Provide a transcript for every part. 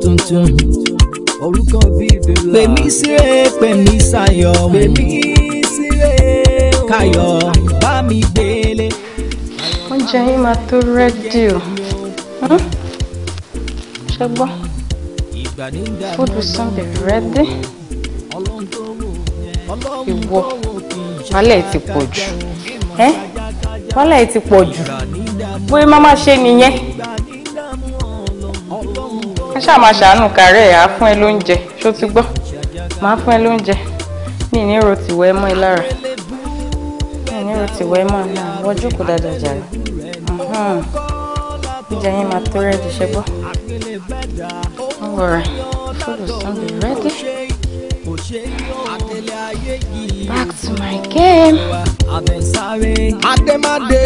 tuntun. orúkọ bíi bèlà. pèmí síre pèmí sayọ̀. pèmí síre o. kayọ̀ bá mi gbélé. oúnjẹ yín máa tó rẹ́dí o ṣe gbọ́ food will soon be ready ìwọ wàhálà ẹ ti pọ̀ jù ẹ wàhálà ẹ ti pọ̀ jù bóyá má má ṣe nìyẹn ẹ ṣáà máa ṣàánú kàárẹ̀ àá fún ẹ lóúnjẹ ṣó ti gbọ́ màá fún ẹ lóúnjẹ mi ní ro tìwẹ́ mọ́ ẹ lára mi ní ro tìwẹ́ mọ́ ẹ náà wọ́n jókòó dáadáa jàre oúnjẹ yín máa tó rẹ́ẹ̀dì ṣe gbọ́ all right food Sunday soon ready back to my game. àtẹ̀mádé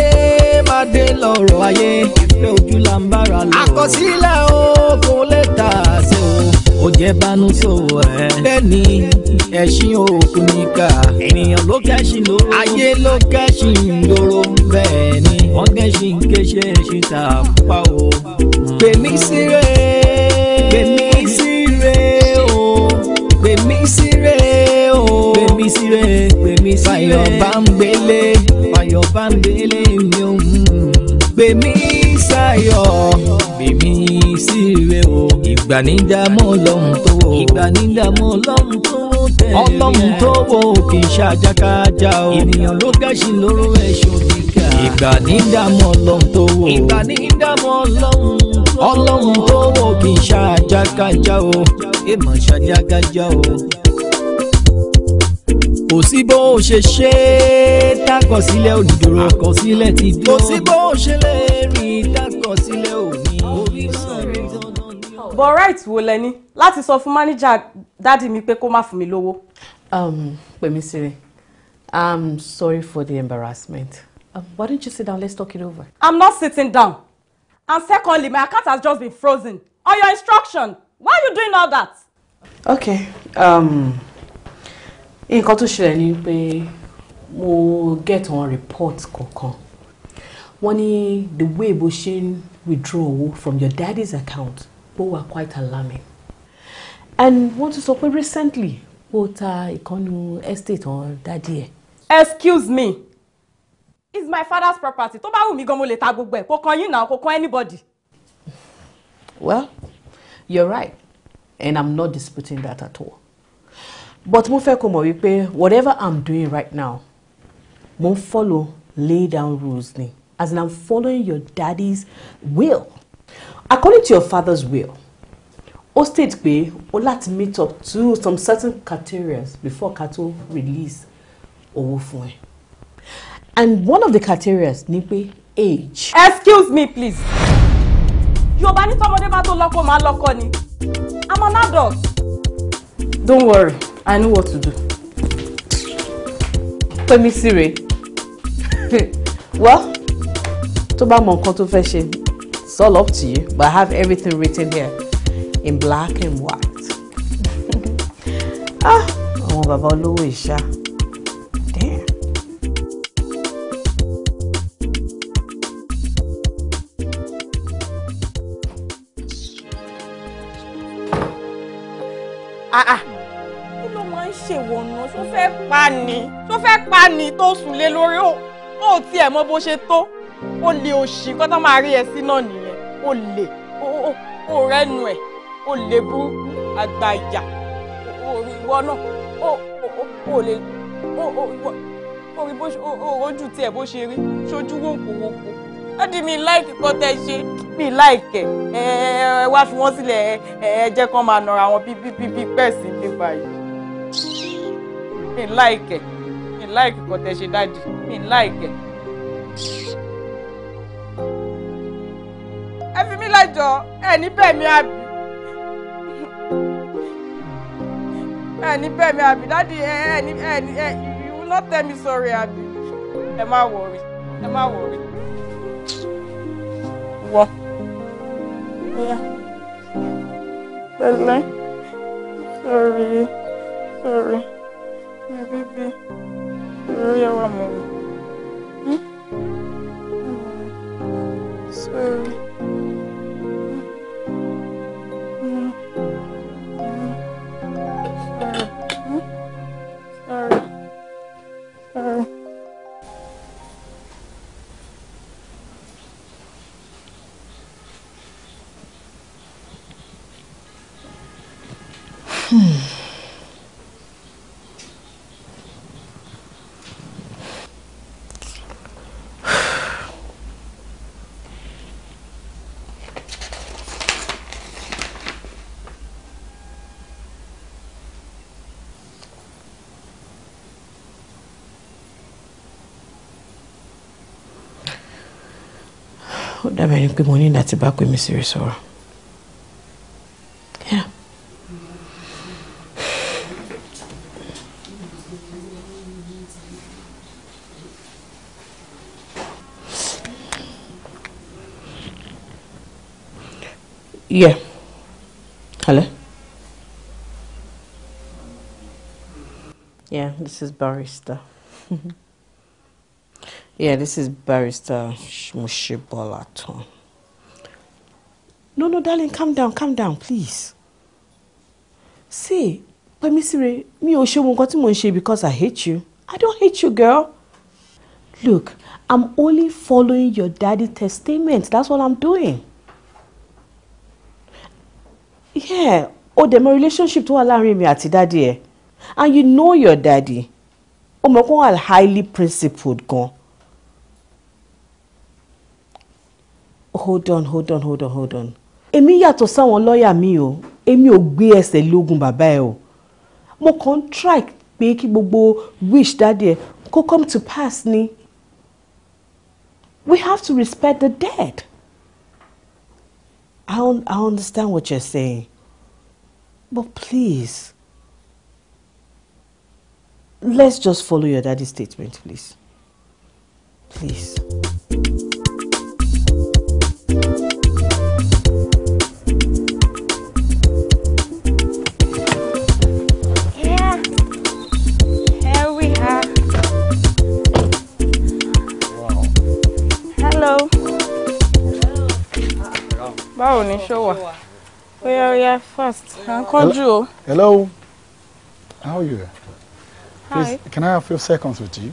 mádé lọ́rọ̀ ayé ìfẹ́ ojú là ń bára lọ. àkọsílẹ̀ òkun lè tà sí o. ó jẹ́ bánúsòwò ẹ̀. bẹ́ẹ̀ni ẹ̀sìn òkun níkà. ènìyàn ló kẹ́sìn lóró. ayé ló kẹ́sìn lóró. bẹ́ẹ̀ni wọ́n kẹ́sìn kéṣe ẹ̀sìn tà pa o. pèmí sí síre pè mí síre fàyọ̀ bá ń gbélé fàyọ̀ bá ń gbélé mi ò mú pè mí sáyọ̀ pè mí síre o ìgbàníjà mọ́ ọlọ́run tó wò ìgbàníjà mọ́ ọlọ́run tó wò tẹ̀lé ọlọ́run tó wò kì í ṣàjàkájà o ènìyàn ló gàṣì lóró ẹ̀ ṣòdì ká ìgbàníjà mọ́ ọlọ́run tó wò ìgbàníjà mọ́ ọlọ́run ọlọ́run tó wò kì í ṣàjàkájà o èèmọ̀ ṣàjàkájà o kò sí bó o ṣe ṣe é dákọ̀sílẹ̀ onídùúró àkọsílẹ̀ ti dúró kò sí bó o ṣe lè rìn dákọ̀sílẹ̀ òní orí sọ̀rọ̀. but right wo lẹ ní láti sọ fún mánìjà dádì mi pé kó má fún mi lówó. Um, pèmí sire i'm sorry for the embarrassment um, why don't you sit down let's talk it over. i'm not sitting down and secondly my account has just been frozen on your instruction why are you doing all that. okay. Um, nǹkan tó ṣẹlẹ̀ ni pé mo get on report kankan wọ́n ní the way bó ṣe ń withdraw owó from your daddy's account bó wà quite alarming and wọ́n tún sọ pé recently ó ta ìkànnù estate on dádì ẹ̀. excuse me it's my father's property tó bá wù mí gan mo lè ta gbogbo ẹ̀ kò kan yín náà kò kan anybody. well you're right and i'm not disputing that at all but mo fẹ́ kó mọ̀ wípé whatever i'm doing right now mo ń follow lay down rules ni as in i'm following your daddy's will according to your father's will ó state pé ó láti meet up to some certain criteria before ká tó release owó fún ẹ and one of the criteria ni pé age. excuse me please yorùbá ní tọmọdé bá tó lọ́kọ máa lọ́kọ ni i'm an adult. Don't worry, I know what to do. Pẹ̀mí síre. Well, tó bá mọ nǹkan tó it's all up to you, but I have everything written here in black and white. ah, àwọn bàbá olówó ìṣá. Damn. Ah ah tó fẹ́ pa ni tó fẹ́ pa ni tó sùn lé lórí ó ó tiẹ̀ mọ bó ṣe tó ó lè òṣì kó tó máa rí ẹ sí náà nìyẹn ó lè ó rẹ́nu ẹ̀ ó lè burúkú àgbà ìyà orí ìwọ náà ó ó lè ó ó ìwọ orí bó ṣe ó rojú tiẹ̀ bó ṣe rí ṣojú wòkòwòkò láti mi láìkì kọ́ tẹ́ ṣe mi láìkì ẹ ẹ wá fi wọ́n sílẹ̀ ẹ ẹ jẹ́ kán máa nọra wọn bí bí bí pẹ́ẹ́sì bíbá yìí mi láìkẹ̀ mi láìkẹ̀ kọ́ tẹ́ ṣe dáàdì mi láìkẹ̀. ẹ fi mí lájọ ẹ ní bẹ́ẹ̀ mi àbí ẹ ní bẹ́ẹ̀ mi àbí dáàdì ẹ ẹ ní ẹ ní ẹ you will not tell me sorry àbí ẹ má wọrí ẹ má wọrí. wọ pẹ̀lẹ́ sorry sorry bébé lórí ẹwà mọ̀ wò. Sorry. dábàá ni pé mo ní ìdàtí bá pè mí sírí sọ̀rọ̀. Yeah. Hello? Yeah, this is Barista. Yeah, this is Barrister Mushibolaton. No, no, darling, calm down, calm down, please. See, Pemisire, mi ò ṣe nǹkan tí mo ń ṣe because I hate you. I don't hate you, girl. Look, I'm only following your daddy's testament. That's what I'm doing. Yeah, oh, the my relationship to wà láàrin mi daddy And you know your daddy. O mọ̀ pé highly principled gan hold on hold on hold on hold on èmi yàtọ̀ sáwọn lọ́ọ̀yà mi o èmi ò gbé ẹsẹ̀ lógun bàbá ẹ o mo kàn ń try pé kí gbogbo wish dáadé ẹ kó come to pass ni we have to respect the dead I, un I understand what you're saying but please let's just follow your daddy's statement please please. báwo ni ṣó oya oya fast à ń kánjú o. hello how are you? Please, Hi. can I have a few seconds with you?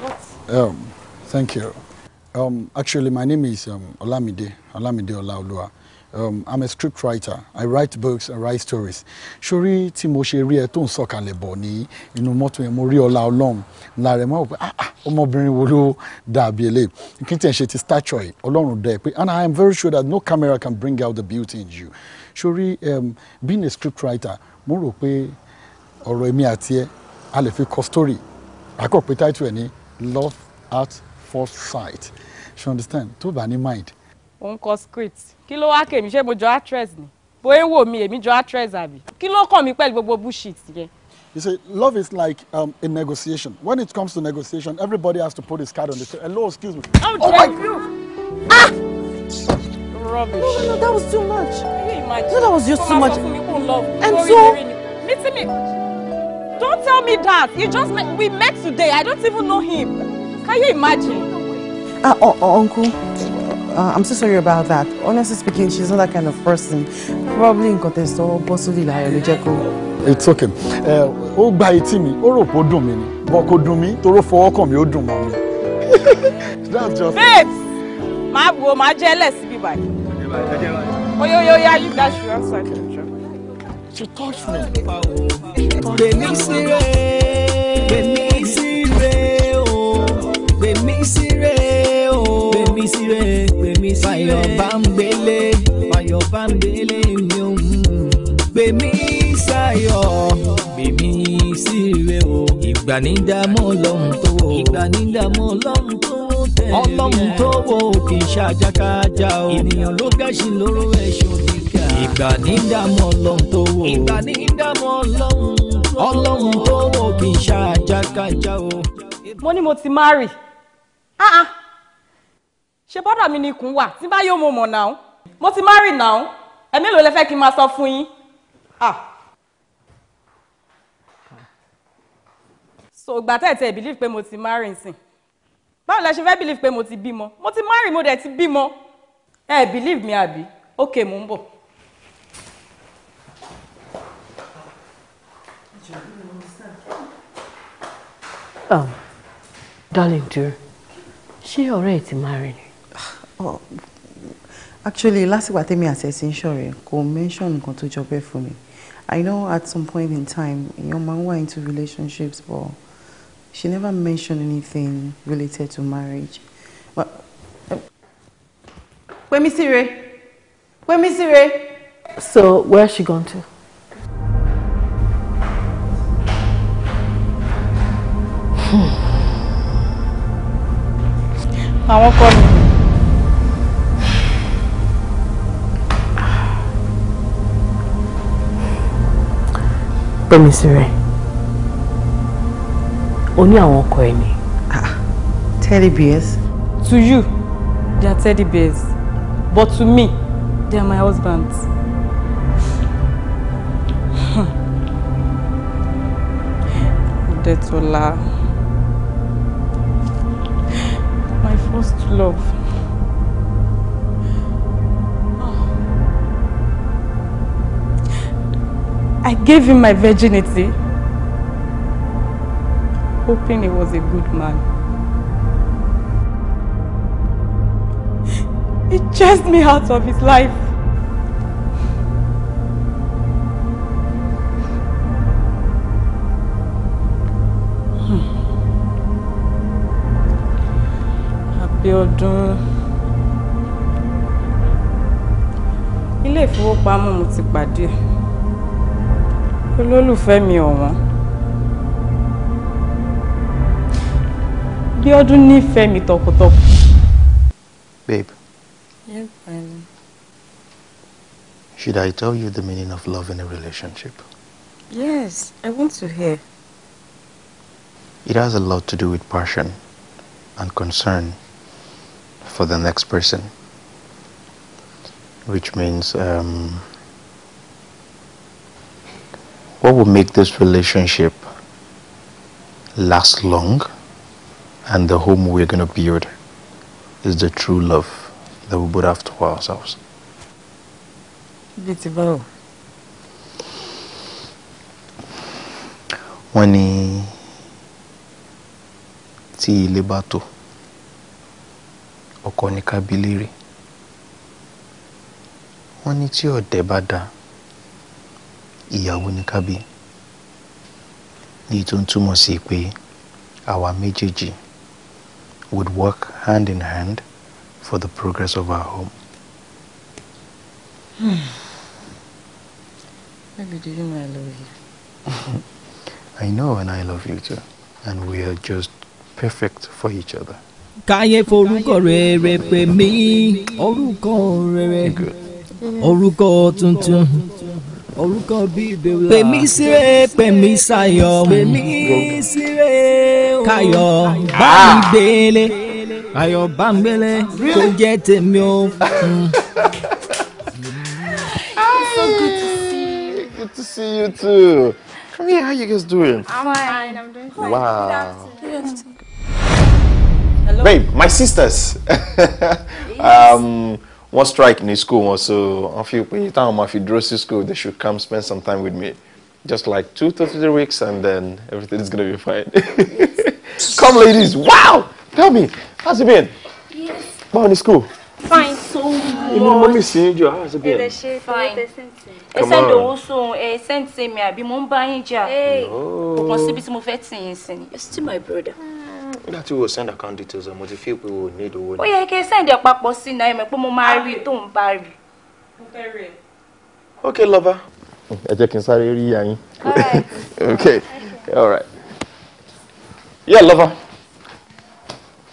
What? Um, thank you. Um, actually, my name is um, Olamide Olamide Olaoluwa um, I'm a script writer I write books I write stories sórí tí mo ṣe rí ẹ tó ń sọ̀kalẹ̀ bọ̀ ní inú mọ́tò yẹn mo rí ọlá ọlọ́run ńlá rẹ̀ mọ́ pé ah, ah, ọmọbìnrin wo ló dàbí eléyìí kí n tiẹ̀ ṣe ti stature ọlọ́run dẹ̀ pé and I am very sure that no camera can bring out the beauty in you sórí um, being a script writer mo rò pé ọ̀rọ̀ èmi àti ẹ a lè fi kọ story àkọ́pẹ́ title ẹ̀ ní love at first sight you understand To bá ní mind. ó ń kọ script kí ló wá kèmí ṣé mo jọ actress ni bóyá wò mí èmi jọ actress àbí kí ló kàn mí pẹ̀lú gbogbo bullshit yẹn. You say love is like um, a negotiation. When it comes to negotiation, everybody has to put his card on the table. Hello, excuse me. How oh my... God! Ah! Rubbish. No, no, no, that was too much. Can you imagine? No, that was just too much. And so, meeting me. Don't tell me that. You just met. We met today. I don't even know him. Can you imagine? Ah, uh, oh, oh, uncle. Uh, I'm so sorry about that. Honestly speaking, she's not that kind of person. Probably in contest or possibly like a jẹ́ It's okay. Uh, ó by etí mi, ó rò pé ó dùn mí ni. Bọ́n kò dùn That's just. Babes, My boy, my jealous. ẹlẹ́sìn bíbá yìí. Oyo oyo ya you guys should answer She touched me. Bèmí síre, bèmí síre, oh. bèmí síre, oh. bèmí síre fi sí rẹ̀. Fáyọ̀ Bámbélé, Fáyọ̀ Bámbélé mi ò mú. Gbèmí sáyọ̀, gbèmí sí rẹ̀ o. Ìgbànídàmọ́ ọlọ́run tó wò. Ìgbànídàmọ́ ọlọ́run tó wò tẹ̀lé. Ọlọ́run tó wò kì í ṣàjàkájà o. Ènìyàn ló gẹ̀ṣin lóró ẹ̀ṣọ́ kíkà. Ìgbànídàmọ́ ọlọ́run tó wò. Ìgbànídàmọ́ ọlọ́run tó wò. Ọlọ́run tó wò kì í ṣàjàkájà o. Mo ní mo ti marry. Ah ah ṣé bọ́dọ̀ mi ni ikùn wà tí báyìí ó mo mọ̀ náà mo ti má rìn náà ẹ mélòó lẹ fẹ́ kí n máa sọ fún yín. so ìgbà tẹ́ ẹ̀ tẹ́ ẹ̀ believe pé mo ti má rìn sìn báwo lẹ ṣe fẹ́ believe pé mo ti bímọ mo ti má rìn mo dẹ̀ ti bímọ ẹ ẹ̀ believe mi àbí ok mo ń bọ̀. Um, darling dear, she already married. Oh, actually last lásìkò àtẹ́mi àṣẹ̀sí ń ṣọ̀rẹ́ kò mention nǹkan tó jọ bẹ́ẹ̀ fún mi I know at some point in time your máa ń into relationships but she never mentioned anything related to marriage. where where um, Wemisire Wemisire. So where has she gone to? Hmm. àwọn kọ́ mi. pẹ́ mi sí rẹ̀ o ní àwọn ọkọ ẹ̀ ni. Ah, teddy bears. to you they are teddy bears but to me they are my husbands. Detola. My first love. I gave him my virginity, hoping he was a good man. He chased me out of his life. Hmm. Abiodun. Ilé ìfowópamọ́ mo ti pàdé ẹ̀. babe. Yeah, Should I tell you the meaning of love in a relationship? Yes, I want to hear. It has a lot to do with passion and concern for the next person, which means um, what will make this relationship last long and the home we're going to build is the true love that we both have for ourselves. Beautiful. Wọ́n ní tí ilé bá tò ọkọ ní kábílẹ̀ debada. ìyàwó ní Kábí èyí tó ń túmọ̀ sí pé àwa méjèèjì would work hand in hand for the progress of our home. Hmm. do you know I love you? I know and I love you too and we are just perfect for each other. káyé forúkọ rẹ pè mí orúkọ rẹ orúkọ tuntun orúkọ bíbẹ̀ wà. pèmí síre pèmí sayọ̀ pèmí síre kayọ̀ ah. bá mi gbélé kayọ̀ bá mi gbélé kó jẹ́ tèmi o. Good to see you too. Come here, how you guys doing? I'm fine, I'm doing fine. Wow. Hello. Babe, my sisters. um, wọ́n strike ní school wọn so wọ́n fi pé táwọn máa fi dúró sí school they should come spend some time with me just like two to three weeks and then everything is gonna be fine. come ladies wow tell me how's it been? yes. báwo ni school? fine so much. inú mọ́mí sí jù how's it been? ẹ lè ṣe fine ẹ sẹ́ńdì owó sóhun ẹ sẹ́ńdì mi àbí mo ń bá yín jà kò síbi tí mo fẹ́ tì yín sí ni. you're still my brother. Mm nígbà tí wo send account details mo ti fi pé o ò ní ìdòwò ni. ó yẹ kí n send ẹ papọ̀ sí náà ẹ̀mẹ̀ pé mo máa rí i ah. tó ń bá rí. mo fẹ́ rí ẹ. ok lọ́ba. ẹ jẹ́ kí n sáré rí yàyín. ok all right. yeah lọ́ba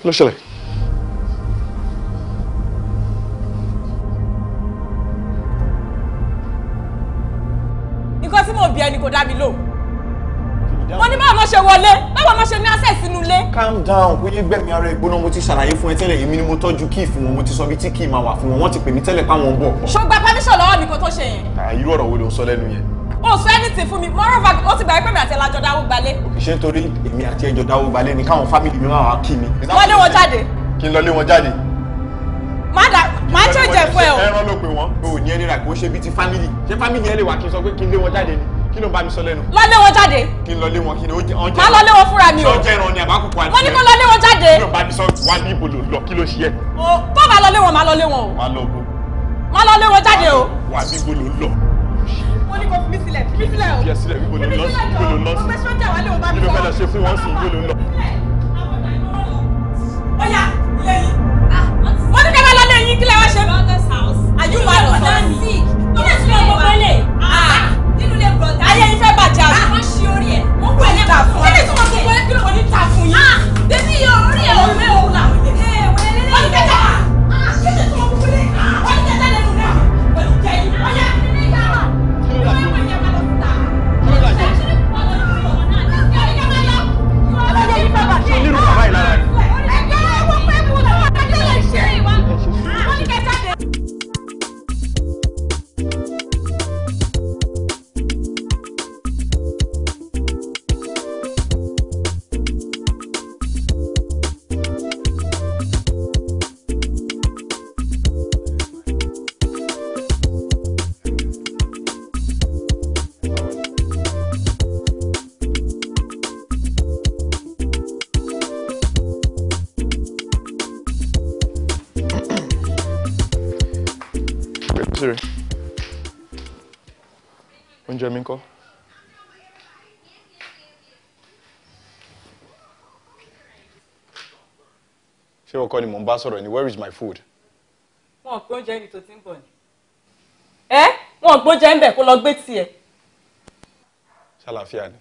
ló ṣẹlẹ̀. nǹkan tí mò ń bí ẹni kò dá mi lóhùn mo ní báwo ló ṣe wọlé báwo ló ṣe ní access inú ilé. calm down kó yé gbẹ̀mí ara ìgbóná mo ti ṣàlàyé fún ẹ tẹ́lẹ̀ èmi ni mo tọ́jú kí fún wọn mo ti sọ bí tí kí máa wà fún wọn wọ́n ti pè mí tẹ́lẹ̀ páwọn ń bọ̀. ṣùgbọ́n permission lọ́wọ́ mi kò tó ṣe yẹn. Ah, irú ọ̀rọ̀ wo ló ń sọ lẹ́nu yẹn. o sọ anything fún mi moreover ó ti gbà pé mi àti ẹlà jọ dáwó gbalé. ṣé nítorí èmi àti ẹjọ dáwó gbalé ni káwọn fámìlì mi máa wá kí mi. wọ́n lé wọn jáde. kí n lọ lé wọn jáde. Mada, ma ń ṣèjẹ fún ẹ o. Ẹran ló pe wọn. O ò ní ẹni rà kó ṣe bí ti fámìlì. Ṣé fámìlì ẹ lè wà kí n sọ pé kí n lé wọn jáde ni? kí ló ń bá mi sọ lẹ́nu. lọ lé wọn jáde. kí n lọ lé wọn kí ni ó jẹ ọjẹ. má lọ lé wọn fúnra mi o. sọjẹ ìran ni àbákùkù àti. wọ́n ní kó lọ lé wọn jáde. kí ló ń bá mi sọ wá ní ibo ló lọ kí ló ṣe é. o tó bá lọ lé wọn má lọ lé wọn o. má lọ bó. má lọ lé wọn jáde o. wà ní ibo ló lọ. wọ́n ní kó fi mí sílẹ̀ fi mí sílẹ̀ o. fi ẹ sílẹ̀ ibo ló lọ sí ibo ló lọ sí. mo fẹ́ sọ́jà wálé wọn bá mi sọ. kí ló fẹ́ lọ ṣe fún wọn sí ibo ló lọ. ọ̀yà ilé yìí. wọ́n ní kẹ́ bá lọ lé yín kí lẹ́ wá ṣe. are you mad or something? kí lè ṣe ọmọ pẹ́lẹ́ ayé yín fẹ́ bàjẹ́ àbí. àwọn ah, ṣe orí ẹ̀ wọ́n kú ẹ̀ lẹ́kọ̀ọ́ kí ni tí wọ́n gbogbo ẹ̀ kí ló ní ta fún yín. débi orí ẹ̀ òun oúnjẹ mi ńkọ́. ṣé ọkọ ni mò ń bá sọ̀rọ̀ ni where is my food. wọn ò pé oúnjẹ ibi tó ti ń bọ̀ ni. ẹ wọn ò gbóúnjẹ ń bẹ̀ kó lọ gbé tiẹ̀. ṣàlàfíà ni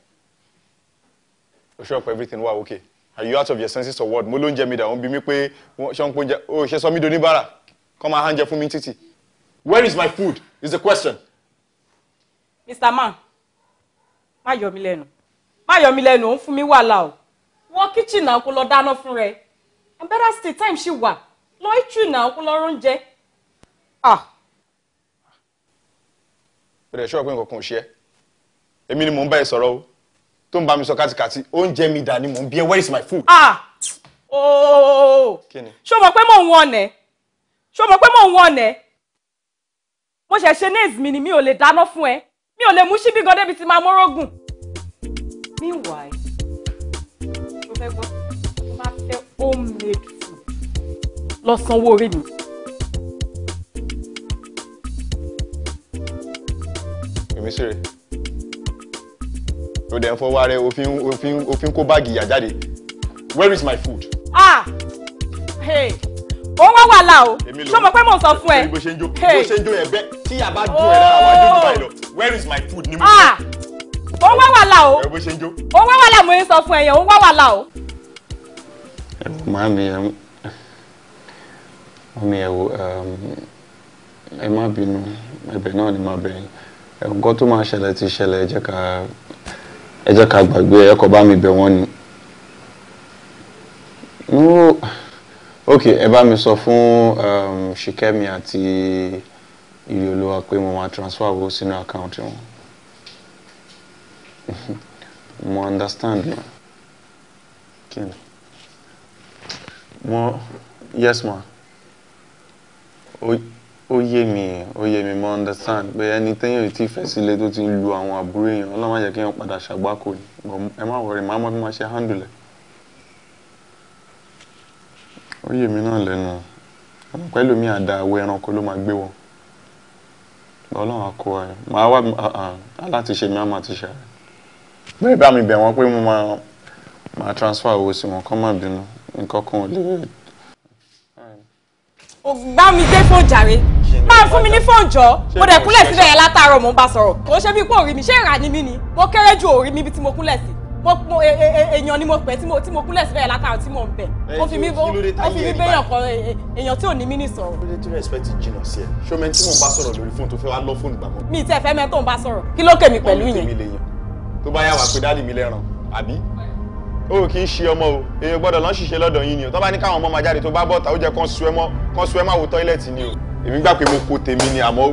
o ṣe ọ̀pọ̀ everything wa okay are you out of your senses or what mo ló ń jẹ mi dà wọ́n bí mi pé ṣé wọ́n pọ́njẹ o ṣe sọ mí doníbàrà kọ́ máa hánjẹ fún mi títì where is my food is the question. Mr. Man má yọ mí lẹ́nu má yọ mí lẹ́nu òun fún mi wàhálà o wọ kitchen náà kó lọ dáná fún rẹ and better still time ṣì wà lọ itri náà kó lọ róúnjẹ. bẹ̀rẹ̀ ṣọ́ọ̀ pé nǹkan kan ò ṣe é èmi ni mò ń bá ẹ sọ̀rọ̀ o tó ń bá mi sọ kátikàti oúnjẹ mi dà ni mò ń bí ẹ where is my food. Ah. ṣó mọ̀ pé mò ń wọ̀n ẹ̀ ṣó mọ̀ pé mò ń wọ̀n mo ṣẹ̀ ṣe nails mi ni mi ò lè dáná fún ẹ mi ò lè mú síbí gan débi tí máa mórógùn. meanwhile mo fẹ́ gbọ́ mo máa fẹ́ homemade food lọ sanwó orí mi. èmi sì rè o dẹ̀ ń fọwọ́ rẹ òfin òfin òfin kó báàgì ìyà jáde where is my food. ah hey ó wá wàhálà o ṣọmọ pé mo sọ fún ẹ. èmi ló ń bó ṣe ń jó bó ṣe ń jó ẹgbẹ́ tí yàrá dùn ẹ̀ lára wájú báyìí lọ where is my food ni mo. Ah! ó wá wàhálà o ẹ bó ṣe ń jó. ó wá wàhálà mo ń sọ fún ẹyẹ ó wá wàhálà o. màámi ẹ um, màámi ẹ wo um, ẹ má bínú ẹ̀bẹ̀ náà ni màá bẹ̀yìn nǹkan tó máa ṣẹlẹ̀ ti ṣẹlẹ̀ ẹ jẹ́ ká ẹ jẹ́ ká gbàgbé ẹ bá mi bẹ̀ wọ́n ni. No. ok ẹ bá mi sọ fún um, Ṣìkẹ́mi àti ìrì olúwa pé mo máa transfer owó sínú àkáǹtì wọn mo understand ma kí mo yes ma ó yé mi ó yé mi mo understand pé ẹni téèyàn ti fẹ́ sílé tó ti lu àwọn àbúrò èèyàn ọlọ́mọ jẹ́ kí wọ́n padà ṣàgbákò ni ẹ má wọrí màá mọ bí wọ́n ṣe handle ẹ̀ ó yé mi náà lẹ́nu ọ̀nà pẹ́lú mi àdá àwọ̀ ẹranko ló máa gbé wọn ọlọ́run àkó ẹ màá wá aláti ṣe mi á máa ti ṣe rẹ bẹ́ẹ̀ bá mi bẹ̀ wọ́n pé mo máa máa transfer owó sí wọn kán má bínú nǹkan kan ò lè. ò bá mi gbé fóònù jàre máa fún mi ní fóònù jọ mo dẹ̀ kúnlẹ̀ yẹn látàárọ̀ mo ń bá sọ̀rọ̀ kò ṣe bí pé òrí mi ṣé ìrà ni mí ni mo kéré ju òrí mi bí tí mo kúnlẹ̀ sí mo e, e, e, èèyàn ni mo pè tí mo tí mo kúnlẹ̀ síbẹ̀ látàrí tí mo ń bẹ̀ ó fi mí ó fi mí béèyàn kan èèyàn tí ò ní mí ní sọ̀rọ̀. kí ló dé tí respect jìnnà sí ẹ ṣé o mẹ tí mò ń bá sọ̀rọ̀ lórí fóònù tó fẹ́ wá lọ fóònù gbàgbọ́. mi tẹ fẹ́ mẹ tó ń bá sọ̀rọ̀ kí ló kèmí pẹ̀lú yẹn. tó bá yà wá pé dáàdì mi lẹ́ràn àbí o kì í ṣe ọmọ o èèyàn gbọ́dọ̀ lọ́n ṣiṣẹ́ lọ́dọ̀ yín ni o tó bá ní káwọn ọmọ máa jáde tó bá bọ́ta ó o èmi gbà pé mo kó tèmi ni àmọ́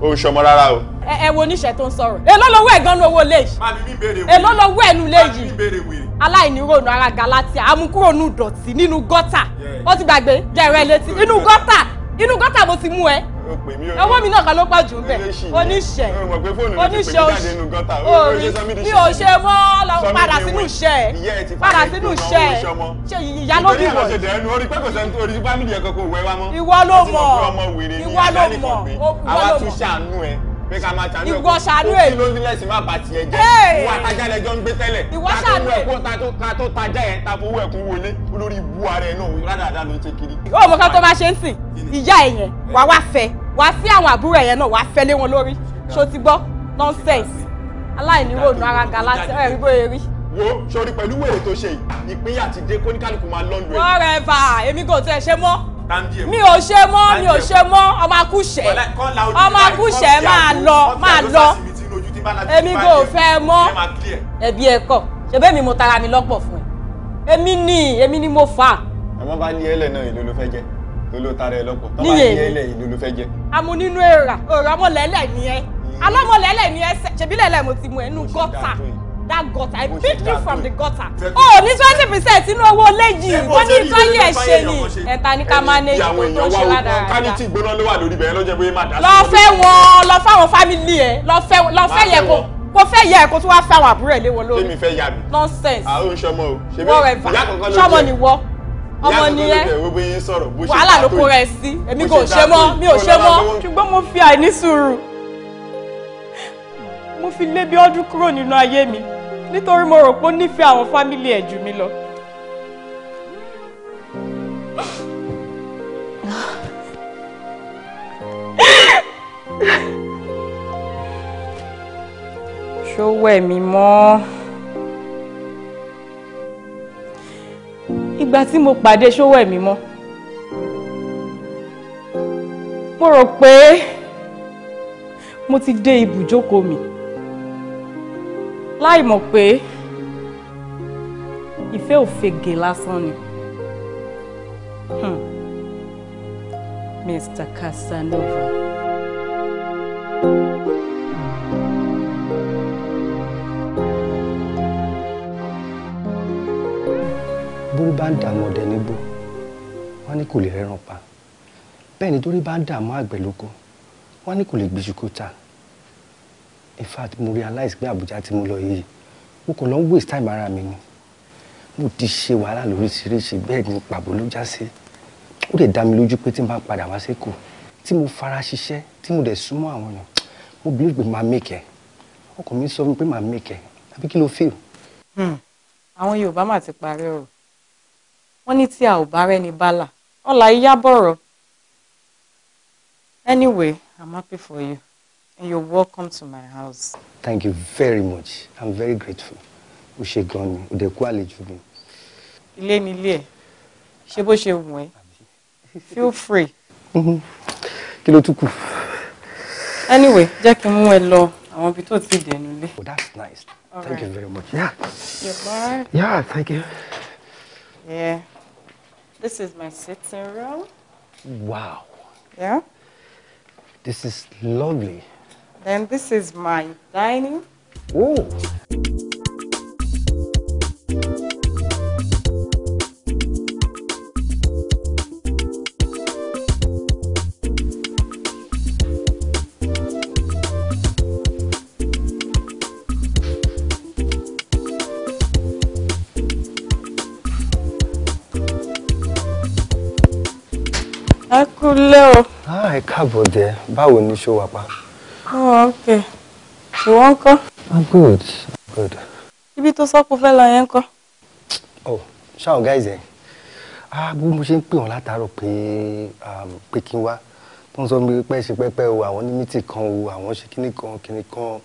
o ò ṣọmọ rárá o. ẹ wo oníṣẹ́ tó ń sọ̀rọ̀ èló lọ́wọ́ ẹ̀ gan-an owó léyìí. má mi ní béèrè wèrè. èló lọ́wọ́ ẹ̀ nu léyìí. má mi ní béèrè wèrè. aláìníròònù ara galatia amukúrò nù dọ̀tí nínú gọ́tà ó ti gbàgbé jẹ́ rẹ létí inú gọ́tà inú gọ́tà mo ti mú ẹ ọwọ́ mi náà kan ló pàjù bẹ́ẹ̀ oníṣẹ́ oníṣẹ́ orí mi ò ṣe mọ́ padà sínú iṣẹ́ ẹ̀ padà sínú iṣẹ́ ẹ̀ ṣe ìyá ló bí wọ̀ yìí ìwọ ló mọ̀ ìwọ ló mọ̀ ìwọ ló mọ̀ pé ká máa ṣàánú ẹ̀kọ́ ìwọ ṣàánú ẹ̀ kí ló ní lẹ́sìn má bàtì ẹ̀ jẹ́ ìwọ àtajà lẹ́jọ́ ń gbé tẹ́lẹ̀ ìwọ ṣàánú ẹ̀ ká tó tajà ẹ̀ ta fowó ẹ̀kún wọlé olórí ibú ara ẹ̀ náà rádàdà ló ń ṣe kiri. ó mọ kán tó máa ṣe ń sìn ìyá ẹ̀ yẹn wà wá fẹ́ wá sí àwọn àbúrò ẹ̀ yẹn náà wà fẹ́ lé wọn lórí ṣó ti gbọ́ nonsense aláìníròònù ara ga láti ẹ̀rí bóyá rí wo sori pẹ̀lú wèrè tó ṣe ìpínyà ti dé kóníkàlùkù máa lọ́ndù ẹ̀. wọ́n rẹ̀ fà èmi kò tẹ̀ ṣe mọ́ mi ò ṣe mọ́ mi ò ṣe mọ́ ọmọ akúṣẹ̀ ọmọ akúṣẹ̀ máa lọ máa lọ èmi kò fẹ́ mọ́ ẹbí ẹ̀kọ́ ṣebẹ́ mi mo tara mi lọ́pọ̀ fún ẹ èmi ni èmi ni mo fà. àwọn bá ní ẹlẹ náà ìlú ló fẹ́ jẹ ló ló tara ẹ lọ́pọ̀ tó bá ní ẹlẹ ìlú ló fẹ́ jẹ. àmú nínú èrà òrò ọmọlẹ́lẹ̀ ni ẹ mm. alámọ̀lẹ́lẹ̀ ni ẹ ṣèbílẹ̀ lẹ́ ti mú ẹ nú gọ́tà that gutter i picked you from the gutter. Oh, ní twenty percent inú owó léyìí wọ́n ní tọ́yì ẹ̀ ṣe ni ẹ̀ta ní ká máa ní èyí tó tó ṣe ládàá. ká tí gbóná ló wà lórí bẹ̀rẹ̀ lọ́jọ́ bóyá máa dá sí. lọ fẹ́ wọn lọ fáwọn fámìlì ẹ lọ fẹ́ yẹ kó kò fẹ́ yẹ kó tún wá fẹ́ àwọn àbúrò ẹ̀ lé wọn lórí. tèmi fẹ́ yà mí. nonsense. àwọn sọmọ o ṣe bí ìyá kankan ló jẹ sọmọ ni wọ ọmọ nìyẹn wàhálà ló kó rẹ sí èmi kò ṣe mọ mi ò ṣe mọ ṣùgbọ́n mo fi àìní sùúrù mo fi lé bí ọdún kúrò nínú ayé mi nítorí mo rò pé ó nífẹ̀ẹ́ àwọn fámìlì ẹ̀ jù mí lọ. ṣówó ẹ̀mí mọ́. ìgbà tí mo pàdé ṣówó ẹ̀mí mọ́ mo rò pé mo ti dé ibùjókòó mi láì mọ̀ pé ìfẹ́ òfegè lásán ni. Hmm. Mr. Casanova. bórí bá ń dààmú ọdẹ nígbó wọn ní kò lè rẹran pa bẹ́ẹ̀ ni torí bá ń dààmú àgbẹ̀ lóko wọn ní kò lè gbèsùkú ta in fact mo realize pé Àbújá tí mo lọ yìí mo kàn lọ ń waste time ara mi ni mo ti ṣe wàhálà lóríṣiríṣi bẹ́ẹ̀ ni pàbó ló já sí ó lè dá mi lójú pé tí n bá padà wá sékò tí mo fara ṣiṣẹ́ tí mo dẹ̀ súnmọ́ àwọn èèyàn mo believe pé màá make ẹ̀ ọkàn mi sọ fún mi pé màá make ẹ̀ àbí kí ló feel. Hmm. àwọn Yorùbá mà ti parí ọ̀rọ̀ wọ́n ní tí a ò bá rẹ́ni bálà ọ̀la yá bọ̀rọ̀ anyway I'm happy for you and you're welcome to my house. Thank you very much. I'm very grateful. O ṣe gan ni, mi. Ilé ni ilé ẹ̀, ṣé bó ṣe wù Feel free. Mm-hmm. Kí ló tún kù? Anyway, jẹ́ kí n mú ẹ lọ àwọn ibi tó ti dẹnu ilé. Oh, that's nice. All thank right. you very much. Yeah. You're fine. Yeah, thank you. Yeah. This is my sitting room. Wow. Yeah. This is lovely. Then this is my dining. Oh. ẹ kúlẹ̀ o. ẹ káàbọ̀ dé báwo ni ṣó wà Oh, okay. Ìwọ ńkọ́? I'm good. I'm good. Ibi tó sọ pé fẹ́ lọ yẹn ńkọ́? Oh, ṣáà ọ̀gá ìzẹ̀. Ah, bí mo ṣe ń pè wọ́n látàárọ̀ um, pé kí n wá. Tó ń sọ mi pẹ́ ṣe pẹ́pẹ́ o, àwọn ní mítì kan o, àwọn ṣe kíní kan kíní kan.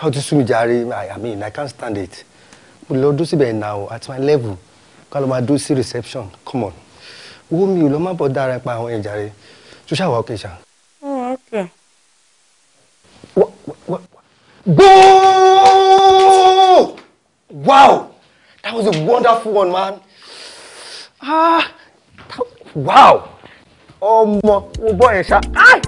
Fáwọn ti sú mi jàre, I mean, I can't stand it. Mo lọ do síbẹ̀ now. at my level. Ká lọ máa dó sí reception, come on. Owó mi ò lọ má bọ̀ dára pa àwọn ìjàre. So ṣáà wà ókè ṣá? Ó oh, wà Go! Wow! That was a wonderful one, man. Ah! That, wow! Oh my, gbọ́ yẹn ṣá. Ah!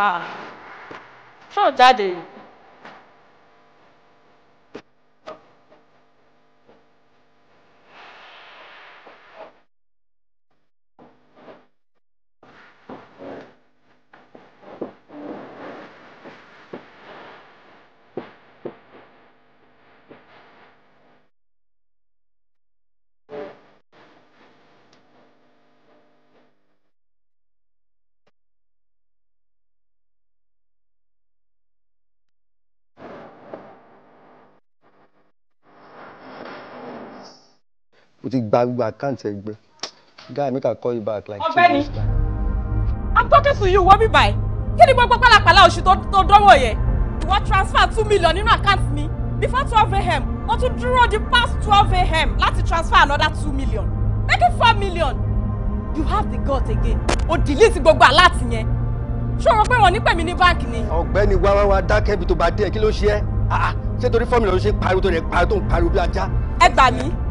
ha sọ jáde ti gba gbogbo àkáǹtì ẹgbẹ́ guy make I call you back like two minutes time. I'm talking to you wọ́n bí báyìí kí ni gbogbo pálapàla oṣù tó dánwò yẹn ìwọ transfer two million nínú àkáǹtì mi before twelve a.m. o tún dúró the past twelve a.m. láti transfer another two million make it four million you have the gut again o delete gbogbo aláàtì yẹn ṣé o rò pé wọn ní pèmí ní báǹkì ni. ọ̀gbẹ́ni wá wá wá dákẹ́ ibi tó bá dé ẹ̀ kí ló ṣe ẹ́ ah, ah, ṣé torí fọ́ọ̀mù ló ṣe pariwo tó rẹ̀ pariwo tó ń pariwo bí ajá. ẹ gbà mí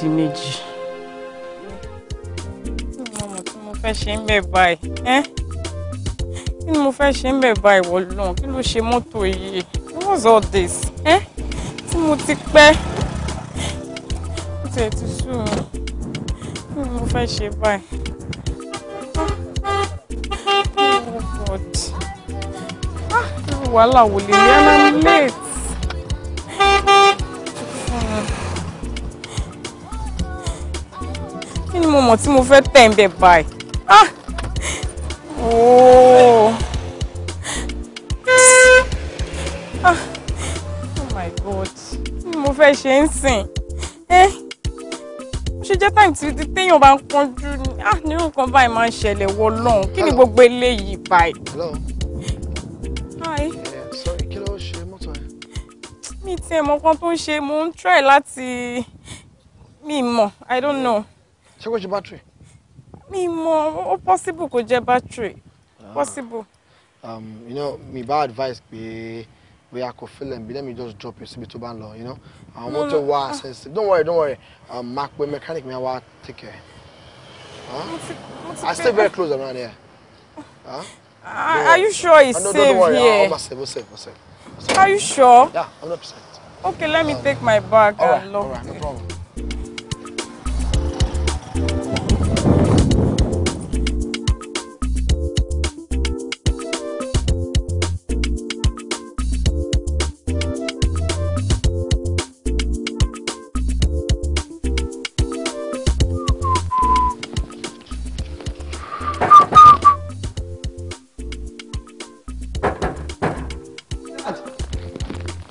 di méjì. mo mọ̀ tí mo fẹ́ ṣe ń bẹ̀ báyìí ẹ́ kí ni mo fẹ́ ṣe ń bẹ̀ báyìí wọ́n lọ́n kí ló ṣe mọ́tò yìí what's all this ẹ́ tí mo ti pẹ́ ó tiẹ̀ ti sú mi kí ni mo fẹ́ ṣe báyìí. Oh ah, wàhálà wò lè lé náà late. kí ni mo mọ̀ tí mo fẹ́ tẹ̀ ń bẹ̀ báyìí. Ah! Ah! oh my god kí ni mo fẹ́ ṣe ń sìn eh? ṣe jẹ́ táyì tí téèyàn bá ń pọ́njú ah! ní nǹkan báyìí máa ń ṣẹlẹ̀ wọ lọ́hùn kí ni gbogbo eléyìí báyìí. hi. sorry kí ló ṣe mọ́tò ẹ̀. mi tiẹ̀ mọ kan tó ń ṣe mo ń try láti mi mọ̀ i don't know ṣé kò ṣe battery. mi mọ ó possible kò jẹ battery ah. possible. Um, you know mi bá advice pé bóyá kò feel ẹ̀ bí let me just drop you. síbi tó bá ń lọ you know àwọn mọ́tò wá sensitive don't worry don't worry um, máa pe mechanic mi wá take care. Huh? I stay very close around here. Huh? Uh, are you sure he's no, safe no, here? I'm ah, safe, I'm safe, I'm safe. Are you sure? Yeah, 100%. Okay, let me um, take my bag all right, and all right, No problem.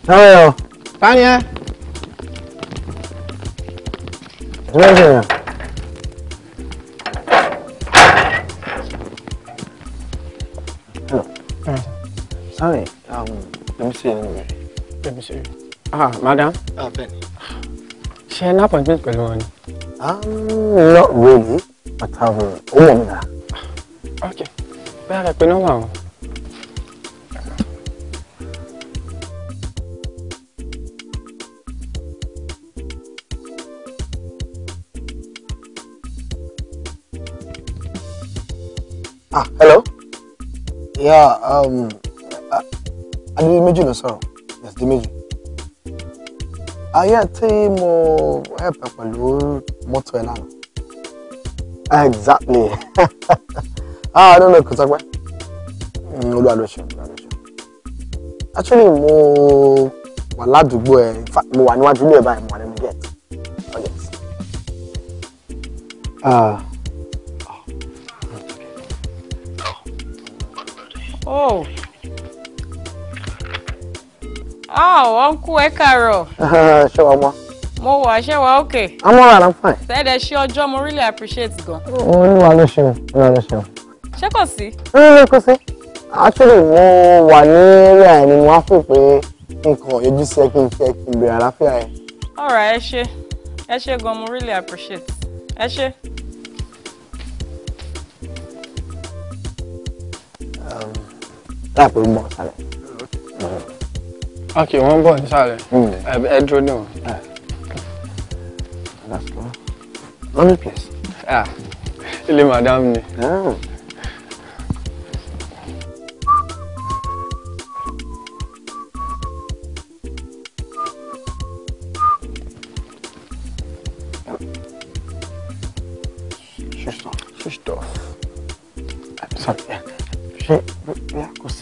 Hello. Tanya. Right here. Oh. Mm. Sorry. Um, let me see Let me see. Ah, madam. Ah, Benny. Ṣé ẹ ní appointment pẹ̀lú wọn Um, not really, but I have a woman there. Okay. Bẹ́ẹ̀ rẹ̀ pé nọ́mbà wọn. ah hello yeah um Adéméjì ah, ló sọ̀rọ̀ yes Adéméjì ayé tí mo help ẹ pẹ̀lú mọ́tò ẹ lánàá exactly ah no no kò sọ pé mm, olúwa ló ṣe olúwa ṣe actually mo wà ládùúgbò ẹ mo wà níwájú ilé ẹ báyìí mo wà nínú gẹ̀ẹ́tì Oh. Oh, uncle ẹ káàárọ̀. Ṣé wàá mọ́? Mo wà ṣé wàá okay. I'm alright, I'm fine. Sẹ́ẹ̀dẹ̀ ṣe ọjọ́ mo really appreciate gan. Olúwa ló ṣeun, olúwa ló ṣeun. Ṣé kò sí? Ẹ kò sí. Actually, mo wà ní area ni mo wá fò pé nǹkan ojú sí ẹ kí n fẹ́ kí n bèrè àlàáfíà All right, ẹ ṣé. Ẹ ṣé gan, mo really appreciate. Ẹ ṣé. táàpù ń bọ̀ sale. ok wọ́n ń bọ̀ nísàlẹ̀ ni. Hmm. dúró dè wọ́n. Ah. lọ́nà place. Ah. ilé madam ni. Ah.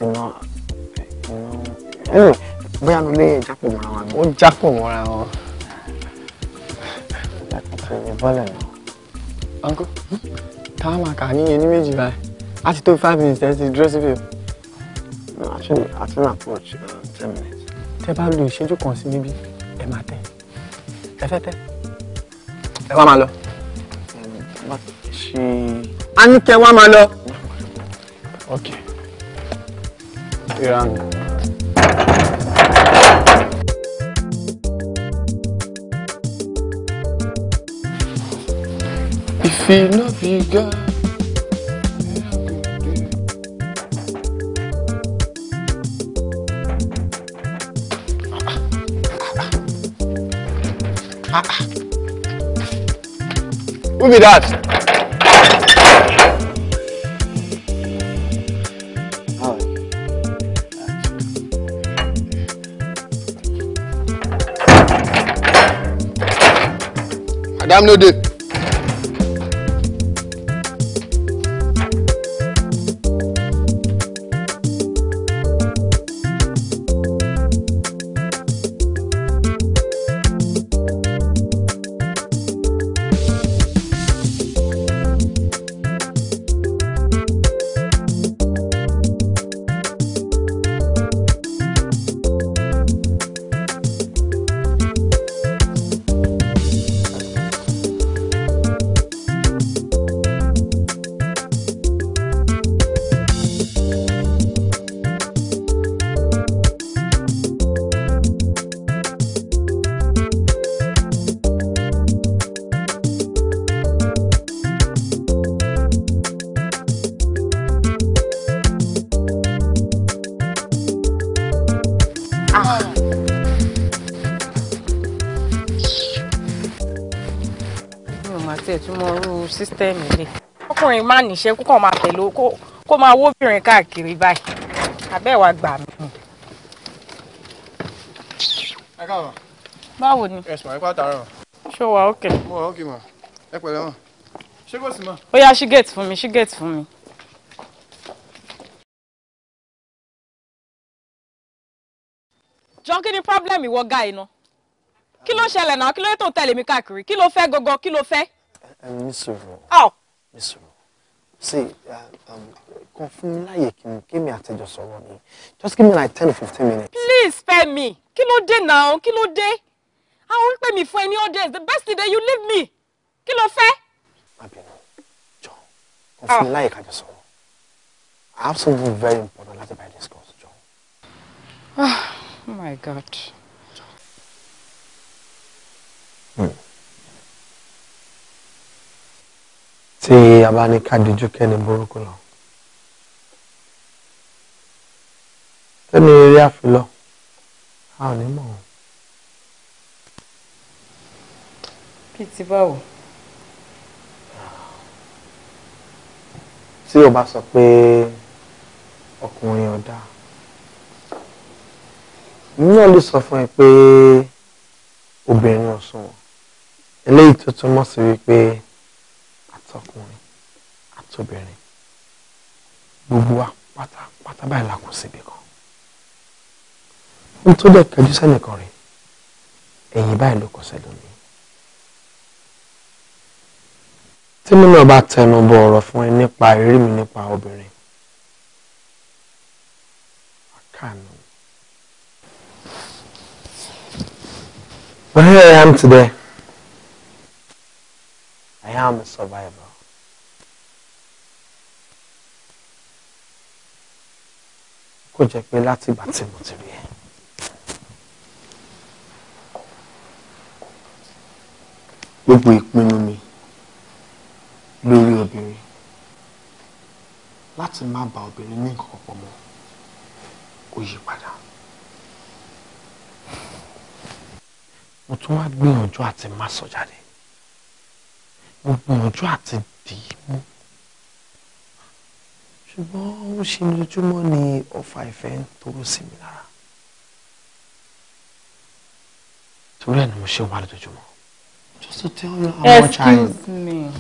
iná anyway bóyá ló lé jápọ̀ mọ́ra wọn. ó jápọ̀ mọ́ra wọn. yàtọ̀ ní bọ́ọ̀lù náà. ọkọ táwọn máa kà ní ẹni méjì báyìí a ti tó five minutes ẹ ti dúró síbi o. actually at an approach uh, ten minutes. tẹ bá lu ìṣẹ́jú kan sí níbí ẹ máa tẹ ẹ fẹ́ tẹ ẹ wá máa lọ. ṣe. a ní kẹ wá máa lọ. okay. Iran. If you love you, ah, Who be that? i am no dey sísítẹ́ẹ̀mù lè ọkùnrin má níṣẹ́ kó kàn máa tẹ̀lé kó máa wóbìnrin káàkiri báyìí abẹ́wà gbà mí. ẹ káàbọ̀. báwo ni. ẹ sùn àyíká àtàrà. ṣé o wà ókè. mo wà ókè mà ẹ pẹ̀lẹ́ mà ṣé kò sí mà. ó yá ṣí gẹ̀ẹ́tì fún mi ṣí gẹ̀ẹ́tì fún mi. jọ kí ni problem ìwọ ga iná kí ló ṣẹlẹ̀ náà kí ló yẹ tó tẹ̀lé mi káàkiri kí ló fẹ́ gọgọ kí ló fẹ́ ní sùúrù ní sùúrù See, uh, um, kan fún mi láàyè kí give me a ten sọ̀rọ̀ so. just give me like ten or fifteen minutes. please Fẹ́mi kí ló dé náà kí ló dé àwọn ń pè mí fún ẹ ní audience the best day you leave me Kill ló fẹ́. àbẹ̀wò ah. jọ kan fún I just saw. I have something very important láti bá ẹ discuss John. Ah, oh my God. tí a bá ní kádìjú kẹ́ni burúkú lọ. kẹ́ni eré àfilọ́ a ò ní mọ̀ ọ́. bíi ti báwo. tí o bá sọ pé ọkùnrin ọ̀dà náà lè sọ fún ẹ pé obìnrin ọ̀sùn eléyìí tó túmọ̀ sí wípé àtọkùnrin àtobìnrin gbogbo wa pátápátá báyìí la kù síbi kan n tó dẹ̀ kẹjú sẹ́nìkan rẹ̀ ẹ̀yìn báyìí ló kọ sẹ́lómi tèmi náà bá tẹnu bọ ọ̀rọ̀ fún ẹ nípa ìrírí mi nípa obìnrin àkànú. But here I am today. I am a survivor. Kó jẹ́ pé láti ìgbà tí mo ti rí ẹ. Gbogbo ìpinnu mi lórí obìnrin láti má bà obìnrin ní nǹkan pọ̀ mọ́ ó yí padà. Mo tún wá gbìyànjú àti má sọ jáde gbìyànjú àti dì í mú ṣùgbọ́n ó ṣe ní ni ọfà ìfẹ́ ń toró sí mi lára torí ẹ̀ ni mo ṣe wà lójoojúmọ́ you I. excuse me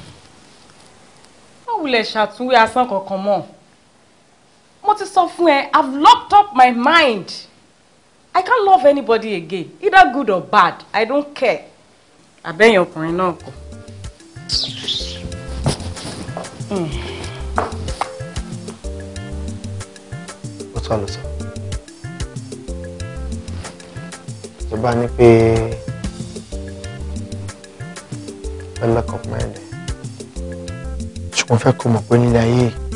báwo lè ṣàtúnwé asán kankan mọ́ mo ti sọ fún ẹ I've locked up my mind I can't love anybody again either good or bad I don't care abẹ́yẹn ọkùnrin náà kọ́ ó tọ́ lọ sọ tó bá ní pé fẹ́ lọ́kàn pẹ́ẹ́lẹ̀ ṣùgbọ́n fẹ́ kó mọ̀ pé nílé ayé yìí.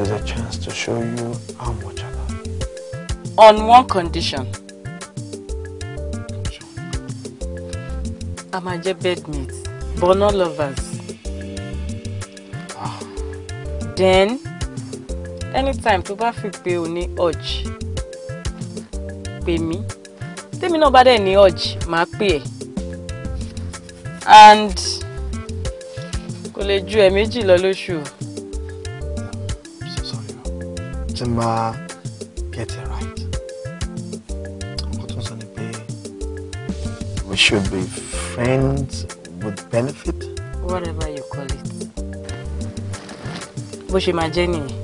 is a chance to show you how much I love On one condition. I'm A bedmate, jẹ́ but not lovers. Ah. Then, anytime tó bá fi pay o ní urge, pè mí. Tèmi náà bá dẹ̀ urge, màá pay, And kò lè ju ẹ̀ méjì tí n get it right we should be friends with benefit. whatever you call it bó ṣe máa jẹ́ nìyẹn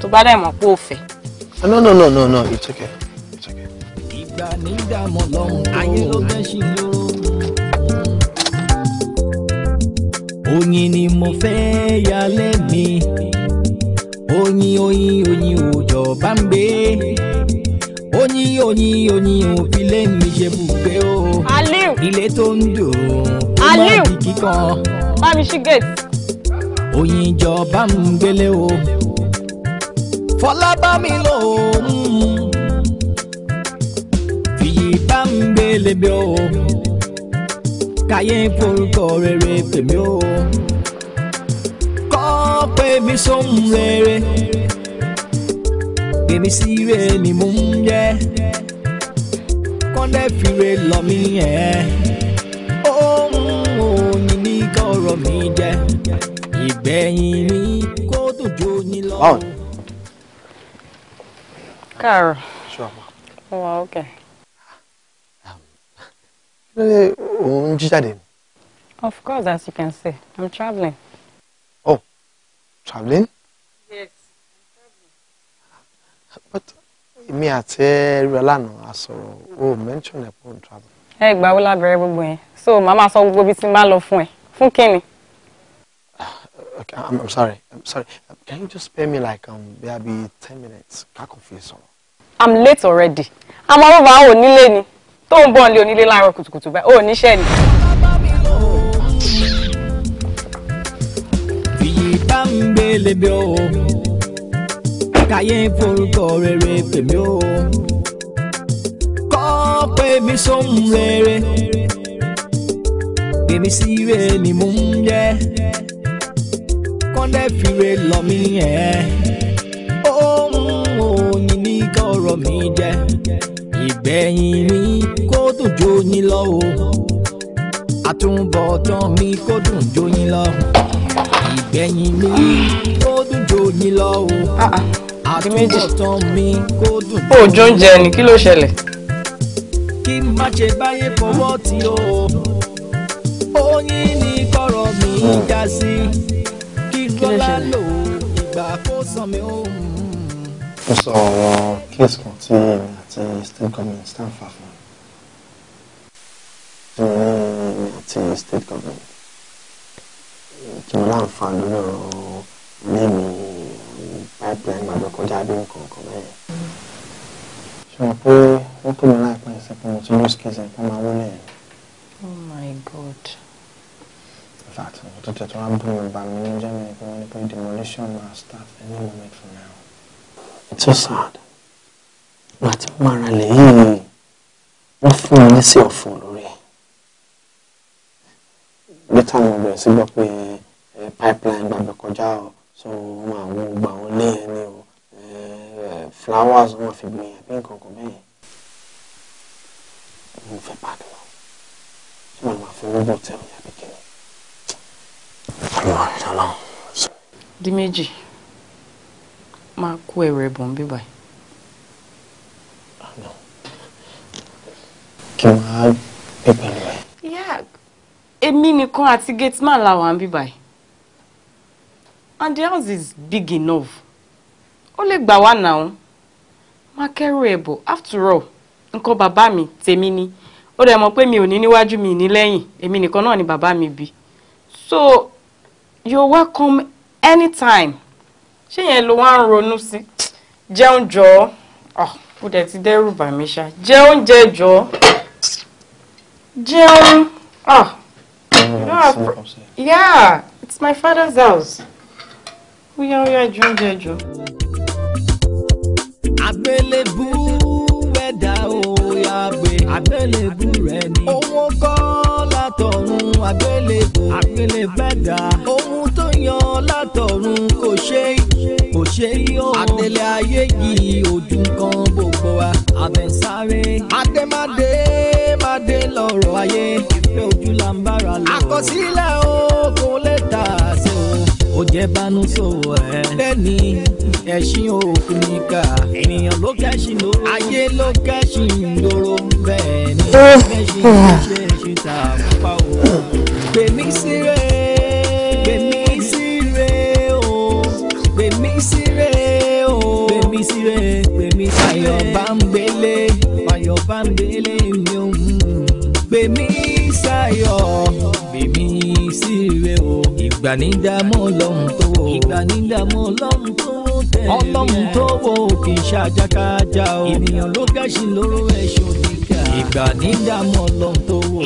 tó bá dẹ̀ mọ̀ pé ah, no no no no no it's okay it's okay. ìgbà nígbà mọ̀ lọ́hùn ayé ló fẹ́ ṣì oyin oyin oyin ojo bambe, ń gbé oyin o oyin òfìlẹ mi ṣe bùgbé o ilé tó ń dùn ó má di kíkan bambele ìjọba ń gbélé o fọlábàmí lòun fìyí bá ń gbélé bí o káyé forúkọ rere pèmí o pè mí sóhun rere gbèmí sí re ni mò ń jẹ kọ́ndẹ́ fìrè lọ mí ẹ̀ òní ní kọ́rọ̀ mi jẹ ìgbẹ̀yìn mi kó tó yín lọ. káàárọ̀ mo wà ókè. lórí òun jíjáde. of course as you can see i'm travelling traveling? Yes, But me at Riola náà a oh mention ẹ̀ pọ̀ n travel. Ẹ gbà wo la So mama máa go be bí tí n bá lọ fún ah, Okay, I'm, I'm sorry. I'm sorry. Can you just spare me like um, maybe ten minutes? Kákan fi sọ̀rọ̀. I'm late already. Àmọ́ bàbá àwọn onílé ni. Tó ń bọ̀ ní onílé láàárọ̀ kùtùkùtù báyìí. Ó níṣẹ́ ni. lébi o káyé forúkọ rere pèmí o kọ́ pé mi sóhun rere èmi sí rere ni mò ń yẹ kọ́ndẹ́ fìrè lọ mí ẹ̀ ohun òyìn ní kọ́rọ̀ mi jẹ́ ìgbẹ̀yìn mi kó dùn jó yín lọ o àtúbọ̀tán mi kó dùn jó yín lọ gbẹ̀yìn mi ó dùn jòyìn lọ o àtúbọ̀tán mi kó dùn. òòjọ́ ń ah, ah. jẹ ni kí ló ṣẹlẹ̀. kí n má ṣe báyé fọwọ́ tí o oyin ní kọ̀rọ̀ mi hmm. já sí kí lọ́lá lò ó ìgbà kó sàn mí ó. ó sọ ọ̀rọ̀ kíyèsí kan tí èmi àti state government stand far fún mi àti state hmm, government tí mo láǹfààní náà mímì pipeline gbàgbọ́ kọjá bí nǹkan kan bẹ́ẹ̀. ṣùgbọ́n pé wọ́n tó mi láìpẹ́ ìsìnkú mo ti lose case nǹkan oh my god. in fact mo tó tẹ̀ tó wá bú mi bá mi demolition ma start any moment from now. it's so sad. ìgbà tí mo máa ọjọ́ táwọn ọmọ bẹ̀rẹ̀ sí gbọ́ pé pipeline gbàgbẹ́ kọjá o so wọn àwọn gbà wọn lé ẹni o flowers wọn fi gbìn àbí nǹkan kan bẹ́ẹ̀ mo fẹ́ pàdé lọ tí mo máa fi owó bọ̀ tẹ̀ mí àbí kí ni. di méjì máa kó ẹrù ẹ̀bùn bí báyìí. kí n máa gbẹ̀gbẹ̀ lọ èmi nìkan àti gateman la wà ń bí báyìí and the house is big enough ó lè gbà wá náà má kẹ́rù ẹ̀ after all nǹkan bàbá mi tèmi ni ó dẹ̀ mọ̀ pé mi ò ní níwájú mi ní lẹ́yìn èmi nìkan náà ni bàbá mi bí so you're welcome anytime ṣé yẹn ló wá ń ronú sí jẹun jọ ọ ah, ó dẹ̀ ti dẹ́rù bà mí ṣá jẹun jẹ jọ jẹun. Ah. Yeah, it's my father's house. We are we are drunk, Joe. Àgbélébù ni. Òun kọ́ látọ̀run àgbélébù àgbélébẹ̀dá. Ohun tó yan látọ̀run kò ṣe kò ṣe yọ. Àtẹ̀lé ayé yìí ojú kan gbogbo wa. Àbẹ̀sáré. Adémádé máa dé lọ́rọ̀ ayé pé ojú là ń bára lọ. àkọsílẹ̀ oògùn lè tà sí ó jẹ́ bánúsòwò ẹ̀. bẹ́ẹ̀ni ẹ̀sìn òkú ni ká. ènìyàn ló kẹ́sìn lóró. ayé ló kẹ́sìn lóró. bẹ́ẹ̀ni kẹ́sìn kẹ́sìn tà fúnpa o. pèmí sí rẹ̀. ìgbà ní dààmú ọlọ́run tó wò. ìgbà ní dààmú ọlọ́run tó wò tẹ̀lé. ọlọ́run tó wò kì í ṣàjàkájà o. ènìyàn ló gàṣì lóró ẹ̀ṣọ́ níkà. ìgbà ní dààmú ọlọ́run tó wò.